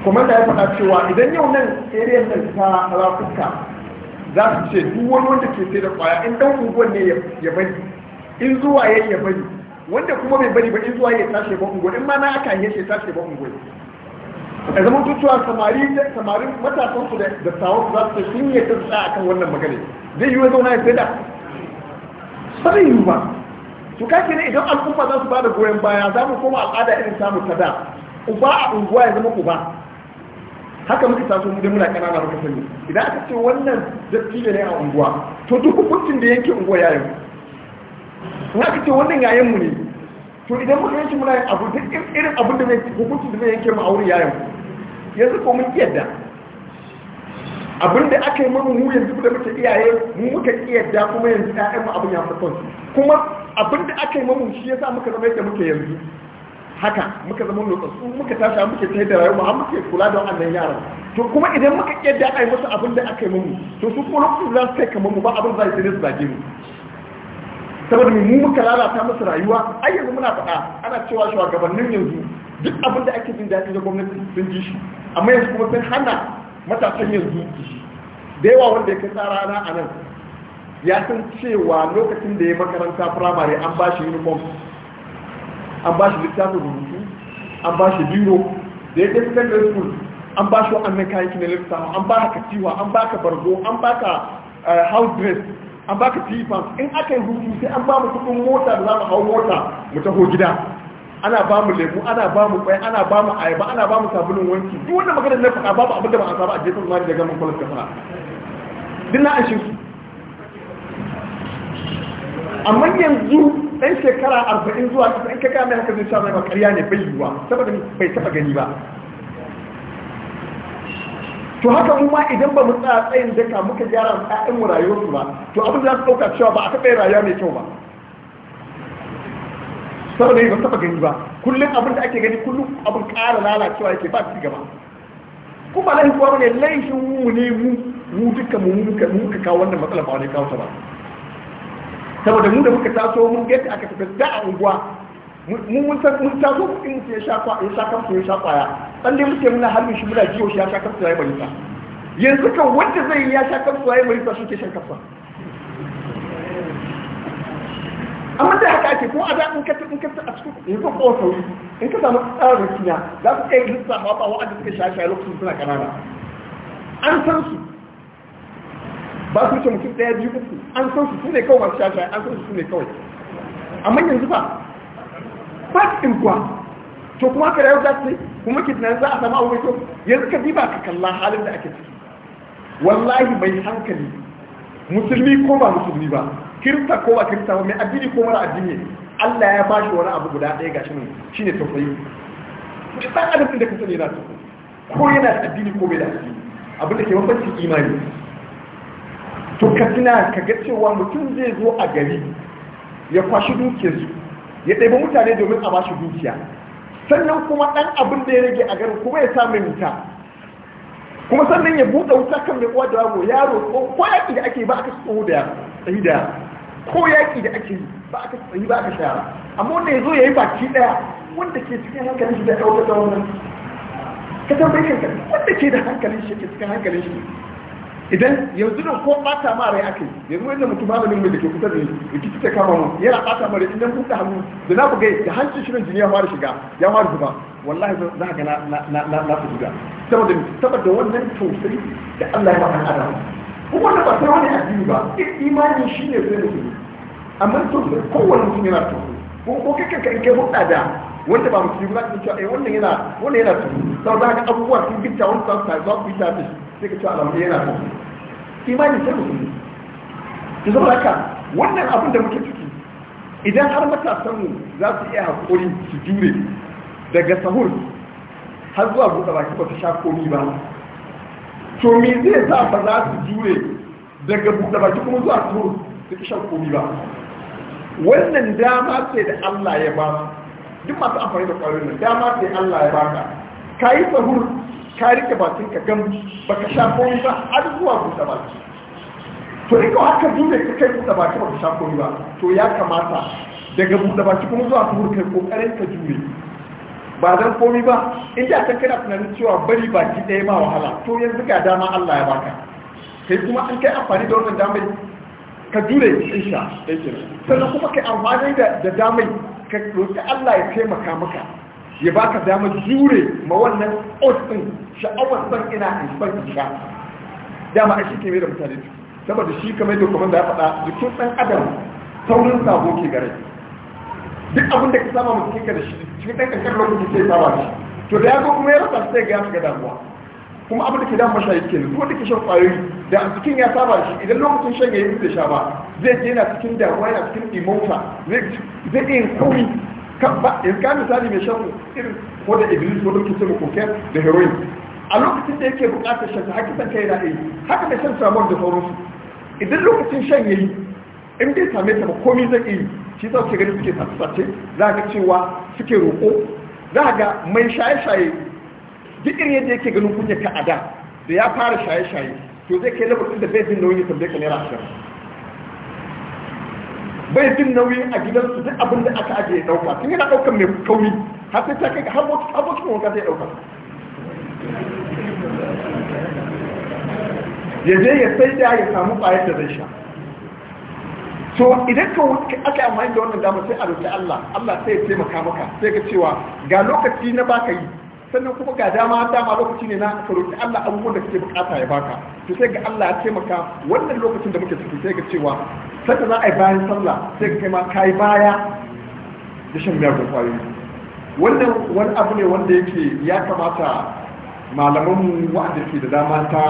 kuma da ya faɗa cewa idan yau nan area nan ta rafuka za su ce duk wani wanda ke sai da kwaya in dan unguwan ne ya bari in zuwa ya ya bari wanda kuma bai bari ba in zuwa ya tashi ba unguwa in ma na aka yi shi tashi ba unguwa a zaman tutuwa samari samari matasan su da sawon za su sun yi ta tsaya akan wannan magana zai yi wa zauna ya sai da sai yi ba to kake ne idan al'umma za su ba da goyon baya za mu koma al'ada irin samu ta da uba a unguwa ya zama uba haka muka taso mu da muna kanana muka sani idan aka ce wannan dattijo ne a unguwa to duk hukuncin da yanke unguwa ya yi in aka ce wannan yayin mu ne to idan muka yanke muna yin abu duk irin abin da zai hukuncin da zai yanke mu aure mu yanzu ko mun yadda abin da aka yi mamu mu yanzu da muke iyaye mu muka yadda kuma yanzu ƴaƴan mu abin ya fi kuma abin da aka yi mamu shi yasa muka zama yadda muke yanzu haka muka zama lokacin muka tashi muke sai da rayuwa har muke kula da wannan yaran to kuma idan muka yadda ai musu abin da aka yi mu to su kuma lokacin za su kai kamar mu ba abin za su su zage mu saboda mu muka lalata musu rayuwa ai yanzu muna faɗa ana cewa gabanin yanzu duk abin da ake jin daɗin da gwamnati sun ji shi amma yanzu kuma sun hana matasan yanzu da yawa wanda ya kai tsara na a nan ya san cewa lokacin da ya makaranta firamare an ba shi uniform an ba shi littafin rubutu an ba shi biro da ya kai secondary an ba shi wa'annan kayan kina littafi an ba ka tiwa an ba ka bargo an ba ka eh, house dress an ba ka tifan in aka yi rubutu sai an ba mu kudin mota da za mu hau mota mu taho gida ana ba mu lemu ana ba mu kwai ana ba mu ayaba ana ba mu sabulun wanki duk wanda magana na faɗa babu abin da ba a saba a jesan zuwa da man kwalas ka fara duk na an shi su amma yanzu ɗan shekara arba'in zuwa kasa in ka mai haka zai sha mai makariya ne bai yiwuwa saboda bai taɓa gani ba to haka mu ma idan ba mu tsaya tsayin daka muka gyara mu ƴaƴan mu rayuwarsu ba to abin da za su ɗauka cewa ba a taɓa rayuwa mai kyau ba saboda ba taɓa gani ba kullum abin da ake gani kullum abin ƙara lalacewa yake ba ci gaba kuma laifin kuwa ne laifin mu ne mu mu duka mu muka kawo wannan matsala ba wani kawo ta ba saboda mu da muka taso mun ga aka tafi da a unguwa mun mun san mun taso in mutum ya sha kwa ya sha kamfa ya sha kwaya dan dai muke muna halin shi muna jiyo shi ya sha kamfa ya bari ta yanzu kan wanda zai ya sha kamfa ya bari ta shi ke shan kamfa amma da haka ake ko a da in ka in ka a cikin in ko ko sauri in ka samu tsarin kina za su kai lissafa ba wa'anda suka sha sha lokacin suna kanana an san su ba su wuce mutum ɗaya biyu uku an san su ne kawai masu shashaya an san su ne kawai amma yanzu ba ba su ɗin kuwa to kuma ka rayu za su kuma ki tunanin za a samu abubuwa kyau yanzu ka diba ka kalla halin da ake ciki wallahi mai hankali musulmi ko ba musulmi ba kirista ko ba kirista ba mai addini ko mara addini Allah ya bashi wani abu guda ɗaya ga shi ne shine tausayi dan adam da ka sani yana tausayi ko yana da addini ko bai da addini abinda ke mafarki imani to ka tuna ka ga cewa mutum zai zo a gari ya kwashi dukiyarsu ya ɗaiba mutane domin a bashi dukiya sannan kuma ɗan abin da ya rage a garin kuma ya samu wuta kuma sannan ya buɗe wuta kan mai uwa da rago yaro ko yaƙi da ake ba aka tsoho da ya, tsayi da ko yaƙi da ake ba aka tsayi ba aka shara amma wanda ya zo ya yi baki ɗaya wanda ke cikin hankalin shi da ɗaukar da wannan ka tambayi kanka wanda ke da hankalin shi ke cikin hankalin shi idan yanzu nan ko bata ma rai ake yanzu wanda mutum ba mun da ke kusa da kike ta kama mu yana bata ma rai idan kuka hannu da na buga da hancin shirin jini ya fara shiga ya fara zuba wallahi za ka ga na na na na fuga saboda saboda wannan tausayi da Allah ya ba dan adam kuma wannan ba sai wani addini ba imani shine sai shi amma ko kowanne mutum yana tausayi ko ko kake kan kai hudda da wanda ba ci ba ta eh wannan yana wannan yana to saboda haka abubuwa sun bitta wannan sai za ku yi shi sai ka ce alamu yana tausayi imani sai musulmi ki zama haka wannan abin da muke ciki idan har matasan mu za su iya haƙuri su jure daga sahur har zuwa buɗe baki ba su sha komi ba to me zai sa ba za su jure daga buɗe baki kuma zuwa sahur su ki sha komi ba wannan dama sai da Allah ya ba duk masu amfani da ƙwayoyin nan dama sai Allah ya ba ka yi sahur ka rike bakin ka ba baka sha komai ba har zuwa buɗe baki to in ka haka dole ka kai buɗe baki ka sha komai ba to ya kamata daga buɗe baki kuma zuwa tuhur kai kokarin ka jure ba zan komai ba inda ka kana tunanin cewa bari baki ɗaya ma wahala to yanzu ga dama Allah ya baka kai kuma an kai amfani da wannan damar ka jure insha sannan kuma kai amfani da damar ka roƙi Allah ya taimaka maka ya baka dama jure ma wannan otsin sha'awar san ina a san isha dama a shi ke mai da mutane saboda shi kamar da kuma da ya faɗa jikin ɗan adam saurin sabo ke gare duk abin da ka sama mutum ka da shi cikin ɗan ƙanƙan lokaci sai sawa shi to da ya zo kuma ya rasa sai ga ya shiga damuwa kuma abin da ke damu shayi ke duk wanda ke shan ƙwayoyi da a cikin ya saba shi idan lokacin shan ya yi da sha ba zai je na cikin damuwa yana cikin imota zai iya yin kauri kan ba in ka misali mai shan irin ko da iblis ko lokacin da kokain da heroin a lokacin da yake bukatar shan ta haka kai da yi haka da shan samuwar da sauransu idan lokacin shan yayi in bai same ta ba komai zai yi shi za su gani suke sace-sace za ga cewa suke roƙo za ga mai shaye-shaye duk irin yadda yake ganin kunya ka a da da ya fara shaye-shaye to zai kai lokacin da bai jin nauyin ya tambaye ka naira ashirin bai jin nauyin a gidansu duk abin da aka ajiye dauka tun yana daukan mai kauri har sai ta kai har abokin wanka zai dauka ya je ya sai da ya samu bayar da zai sha so idan ka aka amma da wannan dama sai a roƙi Allah Allah sai ya taimaka maka sai ka cewa ga lokaci na baka yi sannan kuma ga dama dama lokaci ne na ka Allah abubuwan da kake bukata ya baka to sai ga Allah ya taimaka wannan lokacin da muke ciki sai ga cewa sai za a yi bayan sallah sai ka kai ma yi baya da shan miyagun kwayoyi wannan wani abu ne wanda yake ya kamata malamanmu wa'anda ke da dama ta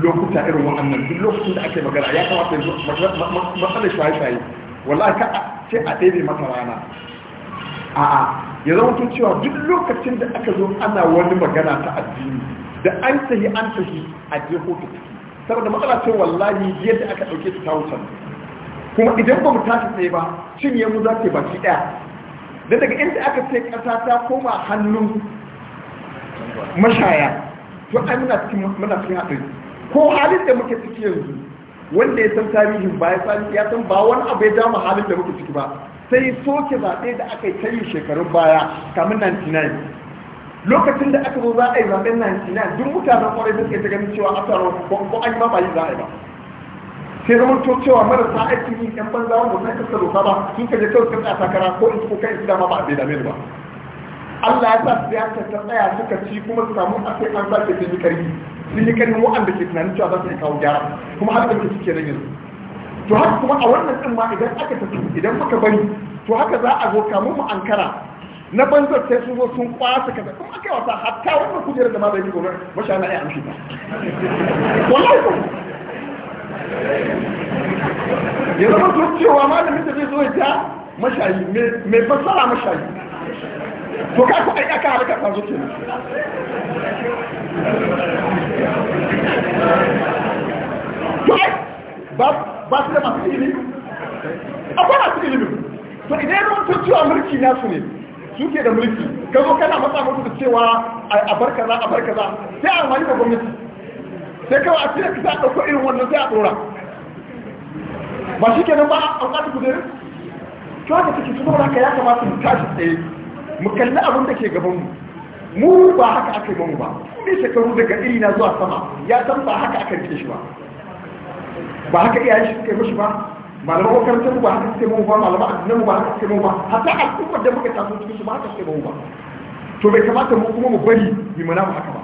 lokuta irin wa'annan duk lokacin da ake magana ya kamata yanzu matsalar shaye-shaye wallahi ka ce a daidai mata rana a'a ya zama tun cewa duk lokacin da aka zo ana wani magana ta addini da an tahi an tahi a je ta ciki saboda matsala ce wallahi yadda aka ɗauke ta wucin kuma idan ba mu tashi tsaye ba cinye mu za ta baki ɗaya da daga inda aka ce ƙasa ta koma hannun mashaya to ai muna cikin muna cikin haɗari ko halin da muke ciki yanzu wanda ya san tarihin ba ya san ba wani abu ya ja halin da muke ciki ba sai soke zaɓe da aka yi ta yi shekarun baya kamun 99 lokacin da aka zo za a yi zaɓen 99 duk mutanen kwarai da suke ta ganin cewa a tsaro ko an yi ma ba yi za a yi ba sai zama to cewa marasa aiki yi yan banza wanda sai kasa doka ba sun kaje kawai kan takara ko in ko kai su dama ba a bai dame ba Allah ya sa su ya ta tsaya suka ci kuma su samu a sai an sake sun yi karfi sun yi karfi wa'anda ke tunanin cewa za su kawo gyara kuma har da suke da yanzu to haka kuma a wannan din ma idan aka tafi idan muka bari to haka za a zo kamun mu ankara na banzar sai sun zo sun kwasa kaza kuma aka wasa hatta wannan kujerar da ma bai yi gobe masha Allah ya amshi ta wallahi ko ya zama to cewa malamin da zai zo ya ta mashayi mai fassara mashayi to ka ku aika ka harka ka zo kenan ba ba su da masu ilimi akwai masu ilimi to idan yana wata cewa mulki nasu ne suke da mulki ka zo kana matsa musu da cewa a bar kaza a bar kaza sai a amfani da gwamnati sai kawai a cire kasa a ɗauko irin wannan sai a ɗora ba shi kenan ba an ƙasa kujeru to haka suke suna haka ya kamata mu tashi tsaye mu kalli abin da ke gabanmu mu ba haka aka yi mamu ba ne shekaru daga iri na zuwa sama ya san ba haka aka rike shi ba ba haka iya shi suka yi mishi ba malaman makarantar mu ba haka suke mu ba malaman addinan mu ba haka suke mu ba hatta al'ummar da muka taso cikin su ba haka suke mu ba to bai kamata mu kuma mu bari mu mana mu haka ba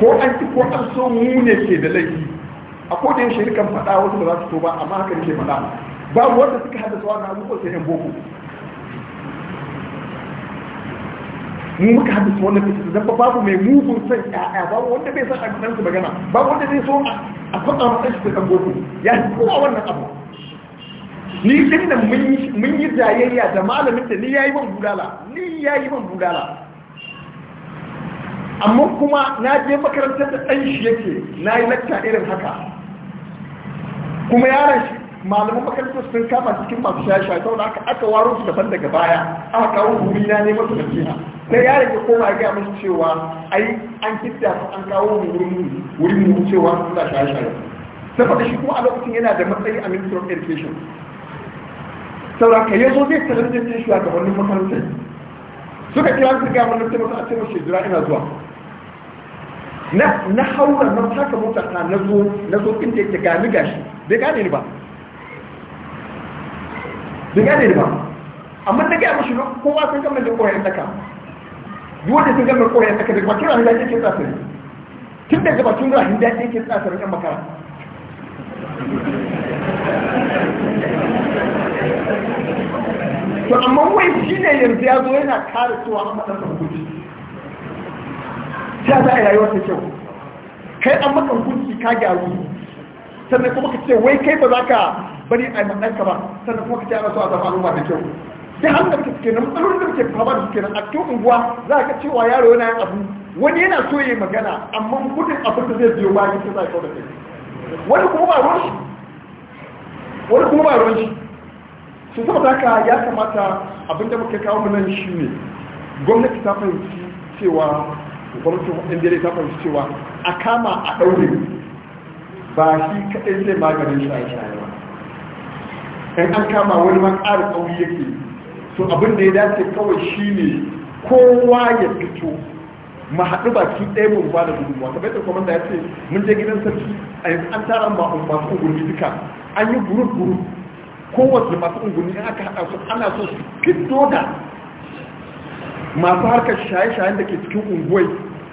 ko an ci ko an so mu ne ke da laifi a ko da yin shirikan faɗa wasu ba za su to ba amma haka ne ke faɗa babu wanda suka haddasa na abubuwan sai yan boko mu muka haddasa wannan fitina dan babu mai mugun san ƴaƴa babu wanda bai san abin ɗan su magana babu wanda zai so a kwatsa masa shi ɗan gobe ya fi kowa wannan abu ni din nan mun yi jayayya da malamin da ni yayi man budala ni yayi man budala amma kuma na je makarantar da ɗan shi yake na yi lakta irin haka kuma yaran shi malaman makarantar sun kama cikin masu shaye-shaye saboda aka waro su daban daga baya aka kawo gumi na ne masu nasiha sai yaron ya koma ya gaya musu cewa ai an kidda an kawo mu wurin mu wurin mu cewa suna shaye-shaye saboda shi kuma a lokacin yana da matsayi a minister of education saboda ka yazo zai tarar da shi ga wannan makarantar suka kira su ga wannan tabbata a cikin shekara ina zuwa na na haura na taka mota ta na zo na zo inda yake gani gashi bai gane ni ba bai gane ni ba amma na gaya mashi kowa sai kamar da koyar ka. duk sun gama koyar saka da bakin rahin daji yake tsasari tun daga bakin rahin daji ke tsasari yan makara to amma wai shi ne yanzu ya zo yana kare cewa an matsar hukunci ta za a rayuwa ta kyau kai an maka hukunci ka gyaru sannan kuma ka ce wai kai ba za ka bari a yi ka ba sannan kuma ka ce ana so a zama al'umma da kyau da hannun ka suke nan ɓarin da suke fama da suke nan a cikin unguwa za ka cewa yaro yana yin abu wani yana so ya magana amma gudun abin da zai biyo bayan sai za ka kawo wani kuma ba ruwan shi wani kuma ba ruwan shi su sama za ka ya kamata abin da muka kawo nan shi ne gwamnati ta fahimci cewa gwamnatin indiya ta fahimci cewa a kama a ɗaure ba shi kaɗai zai maganin shaye-shaye ba in an kama wani ma ƙara ƙauri yake to abin da ya dace kawai shine kowa ya fito ma haɗu ki ɗaya mun ba da gudunmuwa bai yadda kwamanda ya ce mun je gidan sarki a yanzu an tara masu ungurni duka an yi gurup gurup kowace masu ungurni in aka haɗa su ana so su fito da masu harkar shaye-shayen da ke cikin unguwai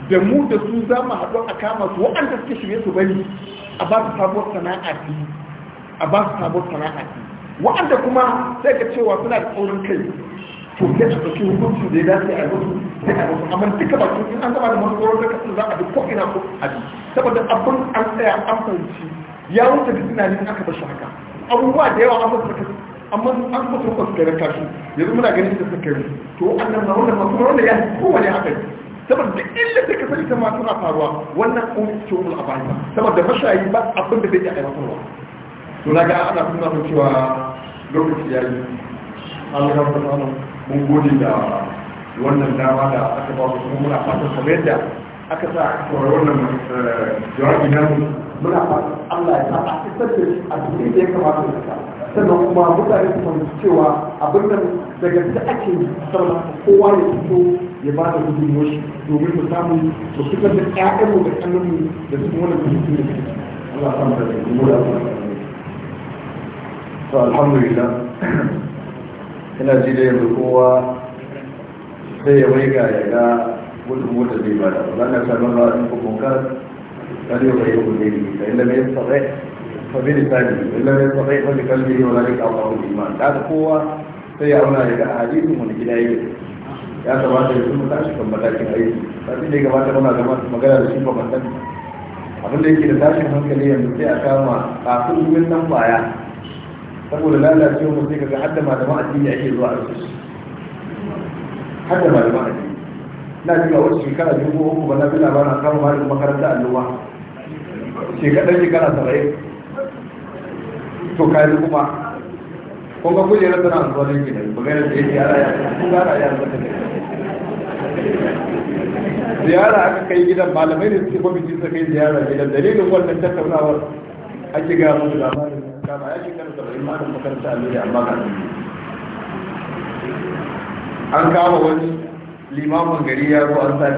da mu da su za mu haɗu a kama su waɗanda suke shirye su bari a ba su sabuwar sana'a a ba su sabuwar sana'a wa'anda kuma sai ka cewa suna da tsoron kai to sai su ɗauki hukunci da ya dace a yi sai a amma duka su in an gaba da masu tsoron kai za a bi ko ina ko a bi saboda abin an tsaya an fahimci ya wuce da tunanin aka bashi haka abubuwa da yawa an fahimci amma an musu ba su kai kashi yanzu muna ganin da suka yi to wannan na wannan masu wanda ya kowane haka saboda da illa da ka sani ta ma suna faruwa wannan ƙungiyar ce wani abaya saboda mashayi ba abin da bai iya aiwatarwa to ga ana kuma mun cewa lokaci ya yi an ga kuma mun gode da wannan dama da aka ba su kuma muna fatan kamar yadda aka sa kawai wannan eh, jawabi na mu muna fatan Allah ya sa a fitar da a cikin da ya kamata ya sa sannan kuma mutane su fahimci cewa abin nan daga ta ake sarrafa kowa ya fito ya ba da gudun shi domin mu samu su fitar da ƴaƴanmu da ƙannanmu da su wani gudunmuwar Allah ya samu da gudunmuwar to alhamdulillah ina ji da yanzu kowa sai ya waiga ya ga gudun mota zai bada ba na ba a cikin ne ka mai bi mai bi ka iman da kowa sai ya auna ya ga hadisi mun gida yake ya kamata ya tashi kan matakin aiki sai da gabata muna zama magana da shi ba mantan abin da yake da tashin hankali yanzu sai a kama kafin zumin nan baya saboda lalacewa mu sai kaga hadda malama addini ake zuwa a rubuce hadda malama addini na ji ga wata shekara biyu ko uku ba na bi labarin kama malamin makaranta alluwa shekara shekara saba'in to kayi kuma kun ga kujerar tana amfani da gidan bugayen da ya ziyara ya ziyara ya zata da ziyara aka kai gidan malamai da suke kwamitin sa kai ziyara gidan dalilin wannan tattaunawar ake gaya musu labarin ba ya makaranta a amma ga an kama wani limamin gari ya zo an sa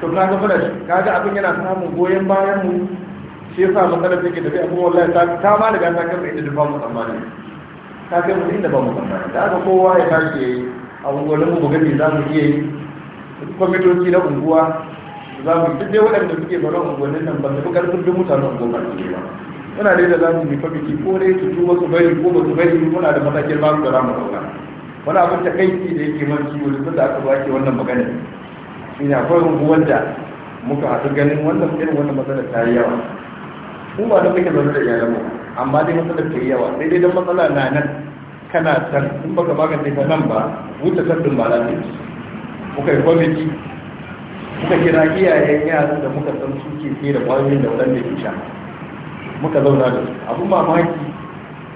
to ka ga fara ga abin yana samun goyon bayan mu shi yasa matsalar take da abu wallahi ta ta ma daga ta kai inda ba mu tsammani ta kai mu inda ba mu tsammani da aka kowa ya tashi yayi a ungolin mu gani za mu iya yi kwamitoci na unguwa za mu duk dai waɗanda suke bari unguwannin nan ba su fi karfin duk mutanen unguwa ba muna dai da za su nufa biki ko dai su tuba su bari ko ba su bari muna da matakin ba su da ramu ɗauka wani abin ta kai da yake man ciwo da aka ba ke wannan magana shi ne akwai rubuwan da muka haɗu ganin wannan irin wannan matsalar ta yi yawa mu ba da muke zaune da iyalanmu amma dai matsalar ta yi yawa sai dai don matsala na nan kana san in baka magance ta nan ba wuce sardin ba lafiya muka yi kwamiti muka kira iyayen yaran da muka san suke ke da ƙwayoyin da waɗanda ke sha muka zauna da su abin mamaki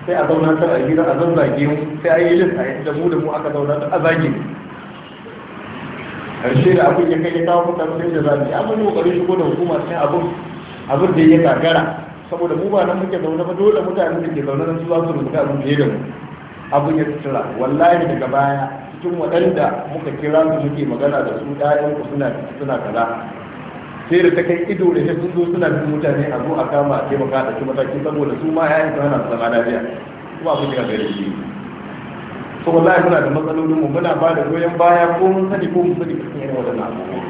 sai a zauna ta a gida a zazzage mu sai a yi yi a yadda mu da mu aka zauna ta a zage mu karshe da abin ya kai ya kawo mutane sai da zabi a mun kokarin shigo da hukuma sai abin abin da ya gagara saboda mu ba nan muke zaune ba dole mutane da ke zaune nan su za su rubuta abin da ya da mu abin ya tsira wallahi daga baya cikin waɗanda muka kira su muke magana da su ɗayan ku suna suna kaza sai da ta kai ido da sun zo suna bin mutane a zo a kama a taimaka da kuma mataki saboda su ma yi su hana su zama lafiya kuma abin da gare shi so wallahi muna da matsalolin mu muna ba da goyon baya ko mun sani ko mun sani cikin irin waɗannan abubuwa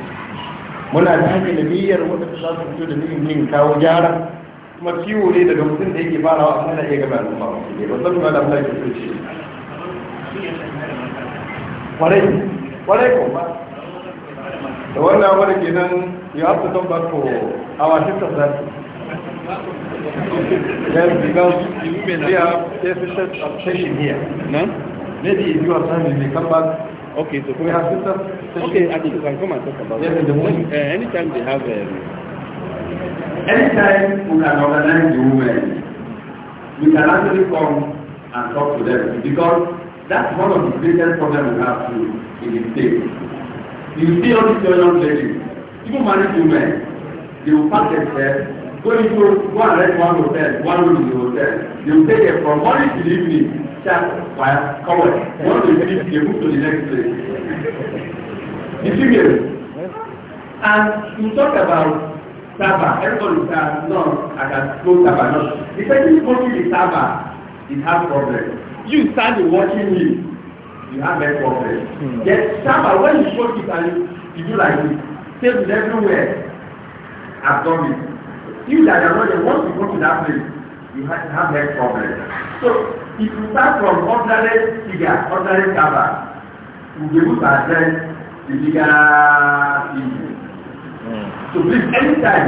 muna da hanyar da niyyar waɗanda za su fito da niyyar yin kawo gyara kuma ciwo ne daga mutum da yake farawa a kana iya gaba al'umma ba su ne ba San ba da mutane su ce kwarai kwarai kuma da wannan wani kenan You have to come back for our sisters that yes, because we have deficient attention here. No? Maybe if you have time, you may come back. Okay, so we have sisters. Okay, I think you can come and talk about yes, it. In the morning. Uh, anytime they have. Um, anytime we can organize the women, we can actually come and talk to them because that's one of the biggest problems we have to in the state. You see all these young ladies, Even married women, they will pack themselves, go into go and rent one hotel, one room in the hotel. They will take them from morning till evening, chat, fire, cover. Once they finish, they move to the next place. The female. And you talk about Saba, everybody will say, ah, no, I can go Saba. No. The person working in Saba, it has problem. You standing watching me, you have that problem. Mm. Yes, Saba, when you show it and you, you do like this, tables everywhere abdomen. If that are not there, once you go to that place, you have, have health problems. So if you start from ordinary figure, ordinary cover, you'll be able to address the bigger issue. Mm. So please, anytime,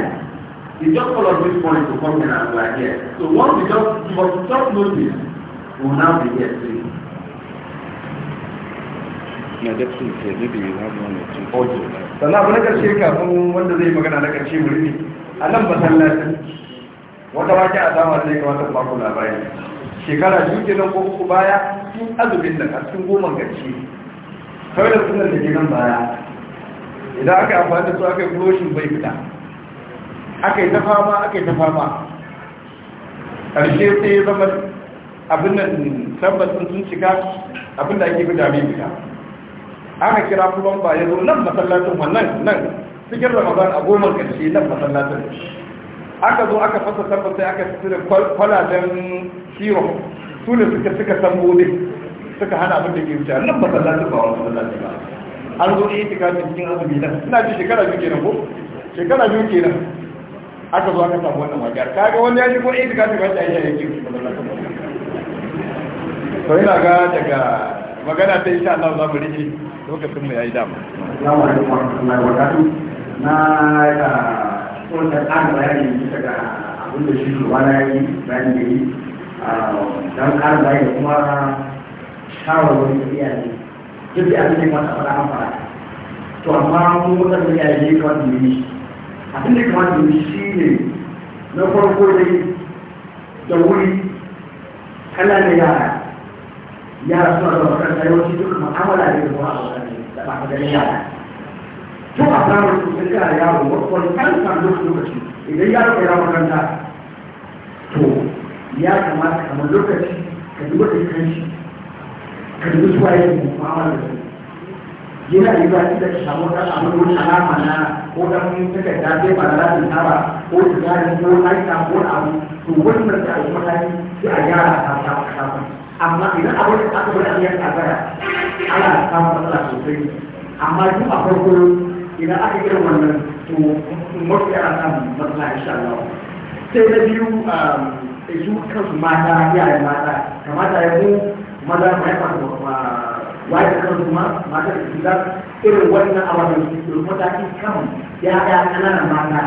you just call us this point to come in and we are here. So once you just give us just notice, we will now be here soon. No, definitely. Maybe you have one or two. Okay. sannan abu na ƙarshe kafin wanda zai magana na ƙarshe murni a nan masallaci wata wake a sama zai kamata kuma ku labari shekara biyu nan ko uku baya sun azumin da a cikin goma ƙarshe kawai da sunan da ke nan baya idan aka yi amfani da su aka yi kuroshin bai fita aka yi ta fama aka yi ta fama ƙarshe sai zama abin nan tabbas sun cika abin da ake fita mai fita ana kira ba ya zo nan masallacin wannan nan cikin ramadan a goma ƙarshe nan masallacin aka zo aka fasa tabbas sai aka fi da kwalajen shiro su ne suka suka san gode suka hana abin da ke wuce nan masallacin ba wani masallacin ba an zo iya tika cikin azumi nan ina ji shekara biyu kenan ko shekara biyu kenan aka zo aka samu wannan ka ga wani ya ko iya tika cikin wajen ayyana yake wuce masallacin to yana ga daga magana ta insha Allah za mu rike lokacin mu dama na ya bayani bisa ga abin da shi na yi bayani da yi ah, don ƙarin bayani kuma shawarwari da iyaye duk da faɗa to amma mun mutan da iyaye ya kwanta da yi abin da yi shi ne na farko dai da wuri kala da yara yara suna zuwa makaranta yawanci duk mu'amala ne da kuma abokan da ba ka ganin yara to a samun su sun gara yaro wani kan samu lokaci idan yaro ya makaranta to ya kamata kamar lokaci ka duba da kan shi ka duba su waye mu'amala da su yana yi ba da ka samu wata samu wani alama na ko dan takarda sai ba da lafiya ta ba ko tsari ko aika ko abu to wannan da a yi mataki sai a gyara ta ta a samu amma idan abin aka bari abin ya tsagara ana samun matsala sosai amma duk a farko idan aka irin wannan to mafi ana samun matsala insha Allah sai na biyu um, su kansu mata iyayen mata kamata ya mu maza ma ya fara wajen kan kuma mata da shiga irin wannan awarin su mataki kan ya ya kananan mata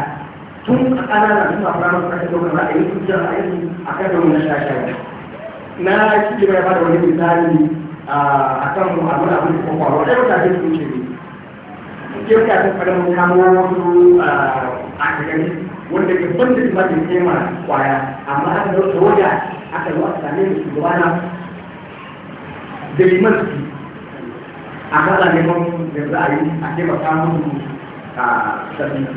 tun a kananan suna fara masa kashe yi yi a da na kike bai fada wani misali a kan abin abin da kuma kwaro ɗaya mutane su ce ne ke mutane fadar mu kamo wasu a gari wanda ke ban da kuma ke ma kwaya amma aka zo da waja aka zo a same da shugabana da liman su a kasa neman da za a yi a ke taimaka musu a sabi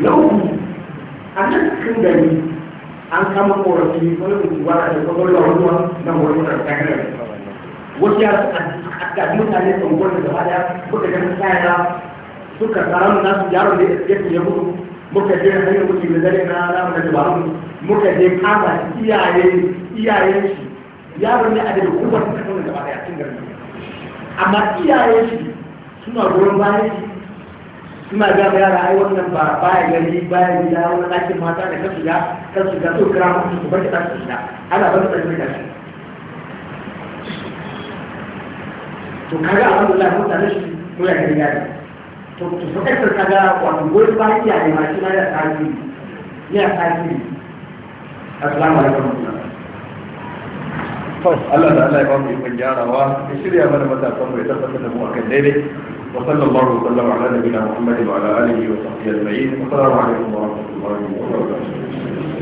na uku a nan cikin gari an kama korafi wani da wani na wani wasu ya a mutane ga tsaya suka samu nasu yaron ya fi ya mutu muka je hanyar mutu da na da muka je kama iyaye shi ne a kuma suka cikin garin amma shi suna goyon bayan shi suna ga yara ai wannan ba gani gari ya gida wani ɗakin mata da kan shiga kan shiga so kira mutum su bar ki shiga ana su ki ɗakin shi to kaga alhamdulillah mutane shi muna ya yari to to ga wani goyi ba ya yi ma shi ma a tasiri yana tasiri assalamu alaikum Allah da Allah ya ba mu ikon gyarawa ya shirya mana matasan mu ya tabbatar da mu akan daidai وصلى الله وسلم على نبينا محمد وعلى آله وصحبه أجمعين السلام عليكم ورحمة الله وبركاته